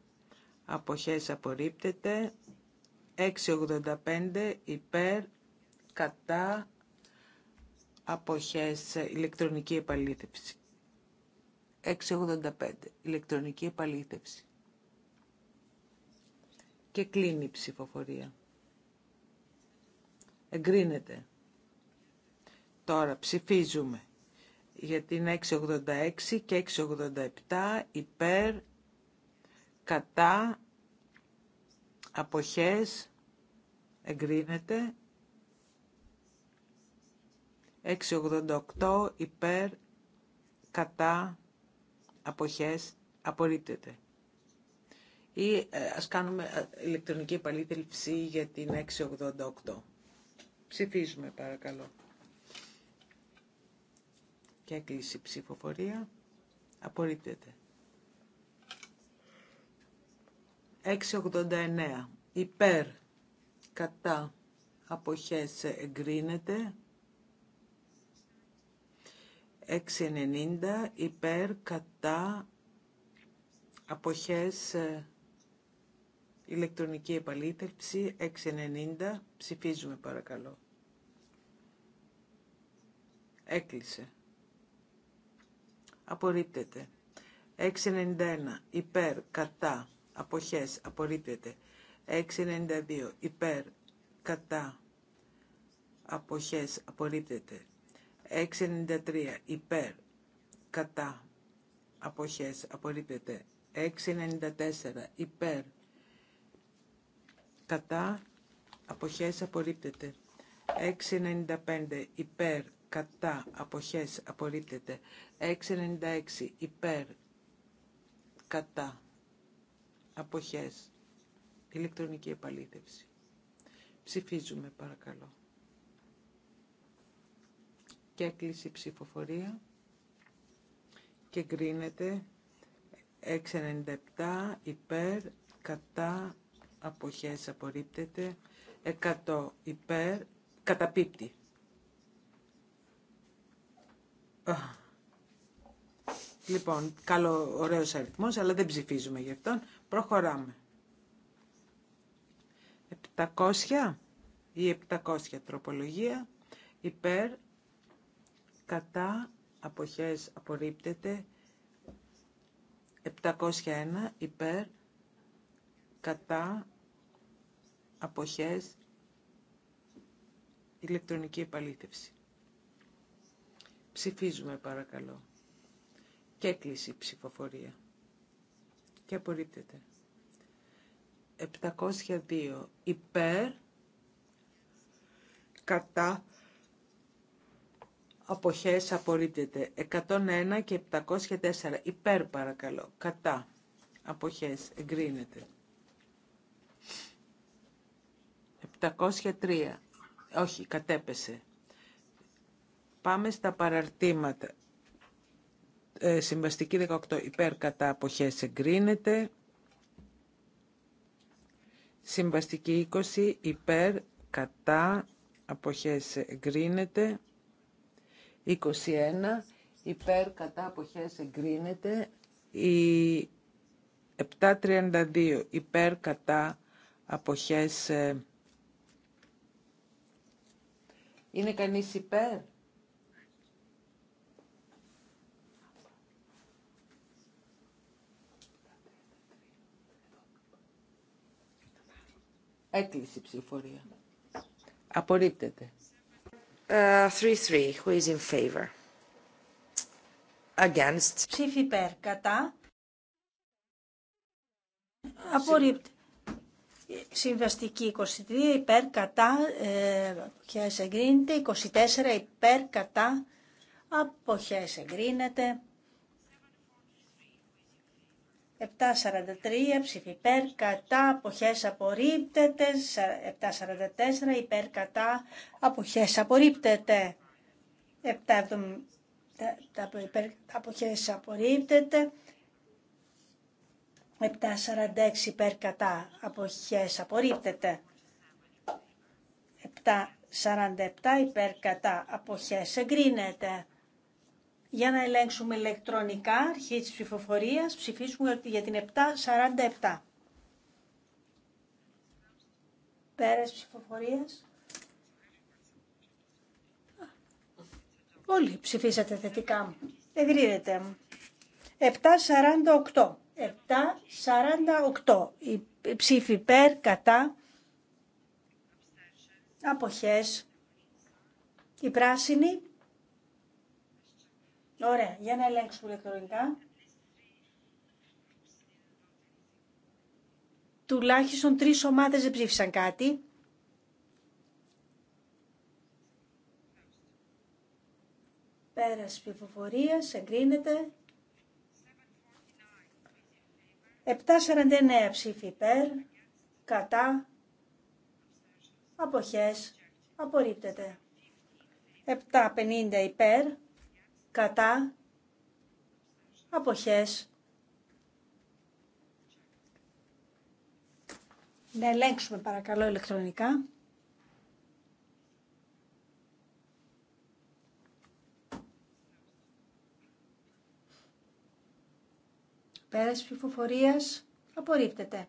αποχές απορρίπτεται 685 υπέρ κατά αποχές ηλεκτρονική επαλήθευση 685 ηλεκτρονική επαλήθευση και κλείνει η ψηφοφορία εγκρίνεται τώρα ψηφίζουμε για την 686 και 687 υπέρ κατά αποχές εγκρίνεται 688 υπέρ κατά αποχές απορρίπτεται. Ή ε, ας κάνουμε ε, ηλεκτρονική επαλήθευση για την 688. Ψηφίζουμε παρακαλώ και έκλεισε η ψηφοφορία. Απορρίπτεται. 689. Υπέρ κατά αποχές εγκρίνεται. 690. Υπέρ κατά αποχές ε, ηλεκτρονική επαλήθευση. 690. Ψηφίζουμε παρακαλώ. Έκλεισε απορρίπτεται. 691 υπέρ κατά αποχές απορρίπτεται. 692 υπέρ κατά αποχές απορρίπτεται. 693 υπέρ κατά αποχές απορρίπτεται. 694 υπέρ κατά αποχές απορρίπτεται. 695 υπέρ κατά αποχές απορρίπτεται 696 υπέρ κατά αποχές ηλεκτρονική επαλήθευση ψηφίζουμε παρακαλώ και έκλεισε η ψηφοφορία και γκρίνεται 697 υπέρ κατά αποχές απορρίπτεται 100 υπέρ καταπίπτει Λοιπόν, καλό, ωραίος αριθμός, αλλά δεν ψηφίζουμε γι' αυτόν. Προχωράμε. 700 ή 700 τροπολογία υπέρ κατά αποχές απορρίπτεται 701 υπέρ κατά αποχές ηλεκτρονική επαλήθευση. Ψηφίζουμε παρακαλώ. Και κλείσει ψηφοφορία. Και απορρίπτεται. 702 υπέρ κατά αποχές απορρίπτεται 101 και 704 υπέρ παρακαλώ κατά αποχές εγκρίνεται 703 όχι κατέπεσε Πάμε στα παραρτήματα. Ε, συμβαστική 18 υπέρ κατά αποχές εγκρίνεται. Συμβαστική 20 υπέρ κατά αποχές εγκρίνεται. 21 υπέρ κατά αποχές εγκρίνεται. Η 732 υπέρ κατά αποχές ε, είναι κανείς υπέρ Έκλεισε η ψηφορία. Απορρίπτεται. 3-3. Ε, who is in favor? Against. Ψήφι υπέρ. Κατά. Απορρίπτεται. Συμβαστική 23 υπέρ κατά, ε, αποχές εγκρίνεται, 24 υπέρ κατά, αποχές εγκρίνεται. 743 ψήφι υπέρ, κατά, αποχές απορρίπτεται. 744 υπέρ, κατά, αποχές απορρίπτεται. 7, αποχές απορρίπτεται. 746 υπέρ, κατά, αποχές απορρίπτεται. 747 υπέρ, κατά, αποχές εγκρίνεται για να ελέγξουμε ηλεκτρονικά αρχή της ψηφοφορίας. Ψηφίσουμε για την 747. Πέρας ψηφοφορίας. Όλοι ψηφίσατε θετικά. Εγκρίνεται. 748. 748. Η ψήφη υπέρ, κατά, αποχές. Η πράσινη Ωραία, για να ελέγξουμε ηλεκτρονικά. Τουλάχιστον τρεις ομάδες δεν ψήφισαν κάτι. Πέρας ψηφοφορία, εγκρίνεται. 749 ψήφι υπέρ, κατά, αποχές, απορρίπτεται. 750 υπέρ, κατά, αποχές. Να ελέγξουμε παρακαλώ ηλεκτρονικά. Πέρας ψηφοφορίας απορρίπτεται.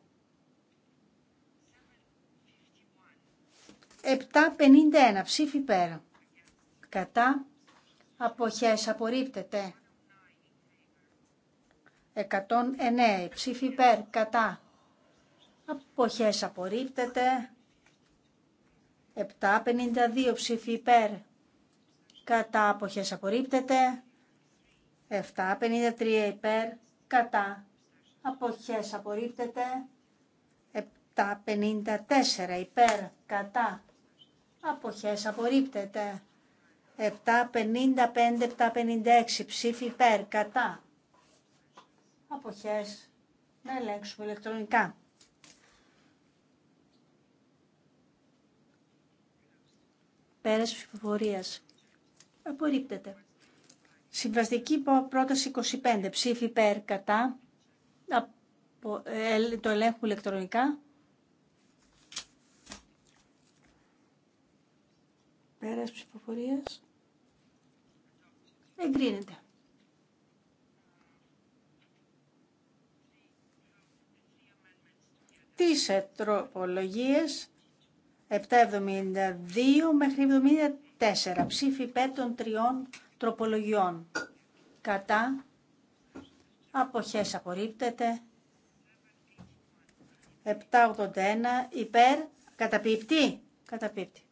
751 ψήφι πέρα. Κατά αποχές απορρίπτεται. 109 ψήφι υπέρ κατά αποχές απορρίπτεται. 752 ψήφι υπέρ κατά αποχές απορρίπτεται. 753 υπέρ κατά αποχές απορρίπτεται. 754 υπέρ κατά αποχές απορρίπτεται. 755-756 ψήφι υπέρ, κατά. Αποχές. Να ελέγξουμε ηλεκτρονικά. Πέρας ψηφοφορίας. Απορρίπτεται. Συμβαστική πρόταση 25. Ψήφι υπέρ, κατά. Ε, το ελέγχουμε ηλεκτρονικά. Πέρας ψηφοφορίας. Εγκρίνεται. Τις τροπολογίες 772 μέχρι 74 ψήφι υπέρ των τριών τροπολογιών. Κατά αποχές απορρίπτεται. 781 υπέρ καταπίπτει. Καταπίπτει.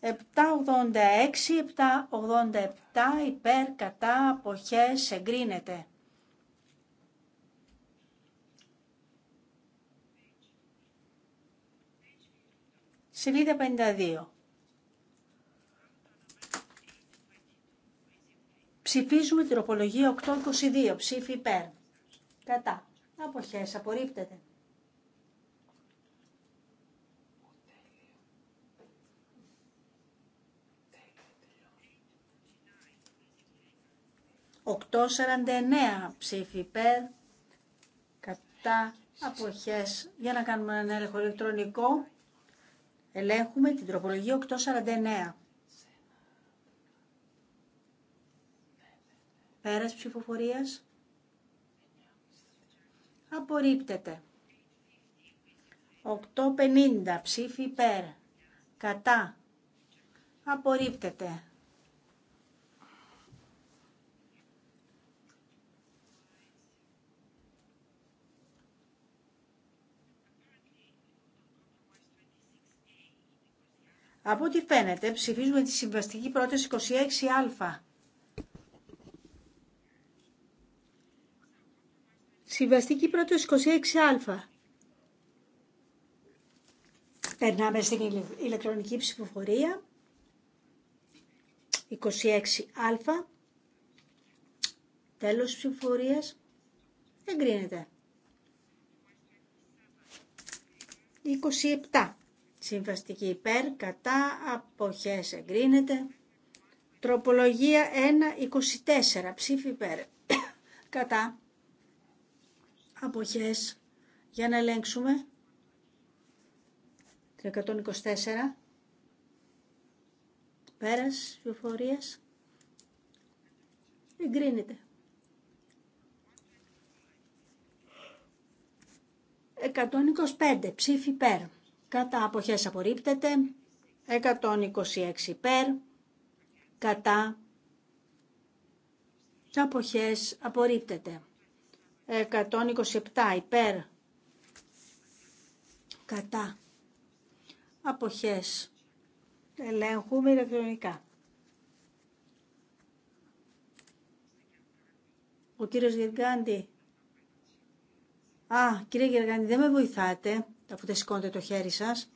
786, 787 υπέρ κατά αποχές εγκρίνεται. Σελίδα 52. Ψηφίζουμε την τροπολογία 822. Ψήφι υπέρ. Κατά. Αποχές. Απορρίπτεται. 849 ψήφι υπέρ, κατά, αποχές. Για να κάνουμε ένα έλεγχο ηλεκτρονικό, ελέγχουμε την τροπολογία 849. Πέρας ψηφοφορίας. Απορρίπτεται. 850 ψήφι υπέρ. Κατά. Απορρίπτεται. Από ό,τι φαίνεται ψηφίζουμε τη συμβαστική πρόταση 26α. Συμβαστική πρόταση 26α. Περνάμε στην ηλεκτρονική ψηφοφορία. 26α. Τέλος ψηφοφορίας. Εγκρίνεται. 27. Συμβαστική υπέρ, κατά, αποχές εγκρίνεται. Τροπολογία 1.24, ψήφι υπέρ, κατά, αποχές, για να ελέγξουμε. 124, πέρας, βιοφορίας. εγκρίνεται. 125, ψήφι υπέρ κατά αποχές απορρίπτεται, 126 υπέρ, κατά αποχές απορρίπτεται, 127 υπέρ, κατά αποχές ελέγχουμε ηλεκτρονικά. Ο κύριος Γεργάντη. Α, κύριε Γεργάντη, δεν με βοηθάτε αφού δεν σηκώνετε το χέρι σας.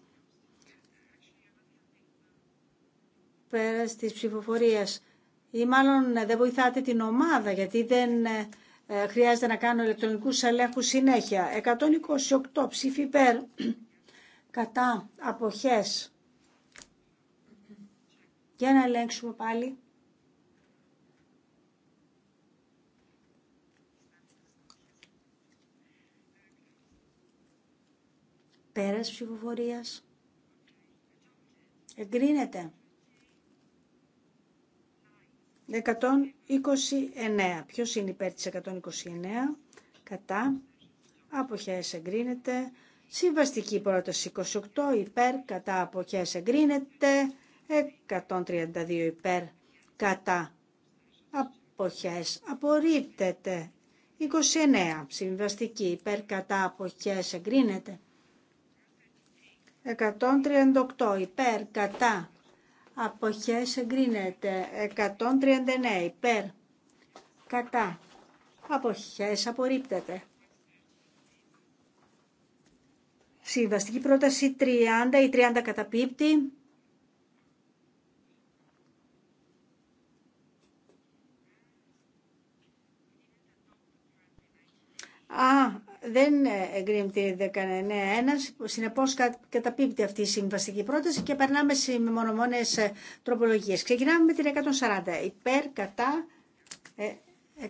Πέρα στις ψηφοφορίες Ή μάλλον ε, δεν βοηθάτε την ομάδα, γιατί δεν ε, ε, χρειάζεται να κάνω ηλεκτρονικούς ελέγχους συνέχεια. 128 ψήφι υπέρ, κατά, αποχές. Για να ελέγξουμε πάλι. Πέρας ψηφοφορίας. Εγκρίνεται. 129. Ποιος είναι υπέρ της 129. Κατά. Αποχές εγκρίνεται. Συμβαστική πρόταση 28. Υπέρ. Κατά. Αποχές εγκρίνεται. 132 υπέρ. Κατά. Αποχές απορρίπτεται. 29. Συμβαστική υπέρ κατά αποχές εγκρίνεται. 138 υπέρ κατά αποχές εγκρίνεται 139 υπέρ κατά αποχές απορρίπτεται Συμβαστική πρόταση 30 ή 30 καταπίπτει Α, δεν ε, εγκρίνεται 19-1, συνεπώς καταπίπτει αυτή η συμβαστική πρόταση και περνάμε σε μονομόνες ε, τροπολογίες. Ξεκινάμε με την 140, υπέρ, κατά,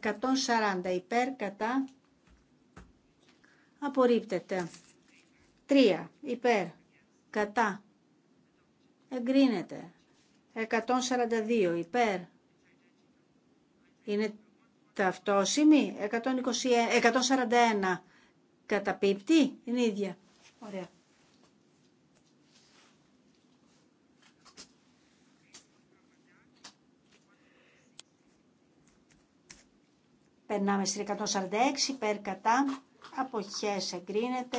140, ε, υπέρ, κατά, απορρίπτεται. 3, υπέρ, κατά, εγκρίνεται. 142, υπέρ, είναι ταυτόσημη, 141, Καταπίπτει. Είναι ίδια. Ωραία. Περνάμε στη 146 υπέρ κατά. Αποχές εγκρίνεται.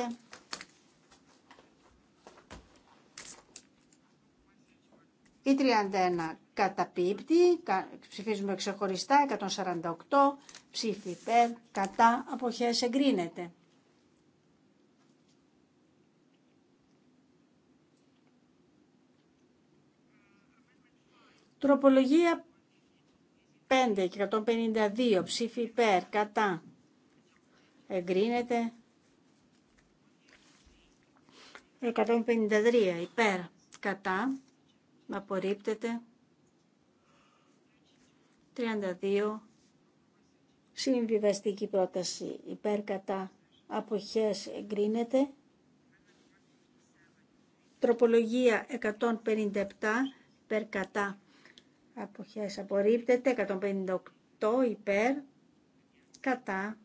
Η 31 καταπίπτει, ψηφίζουμε ξεχωριστά, 148 ψήφι υπέρ, κατά αποχές εγκρίνεται. Τροπολογία 5 και 152 ψήφι υπέρ, κατά. Εγκρίνεται. 153 υπέρ, κατά. Απορρίπτεται. 32 συμβιβαστική πρόταση υπέρ κατά αποχές εγκρίνεται. Τροπολογία 157 υπέρ κατά αποχές απορρίπτεται 158 υπέρ κατά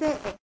the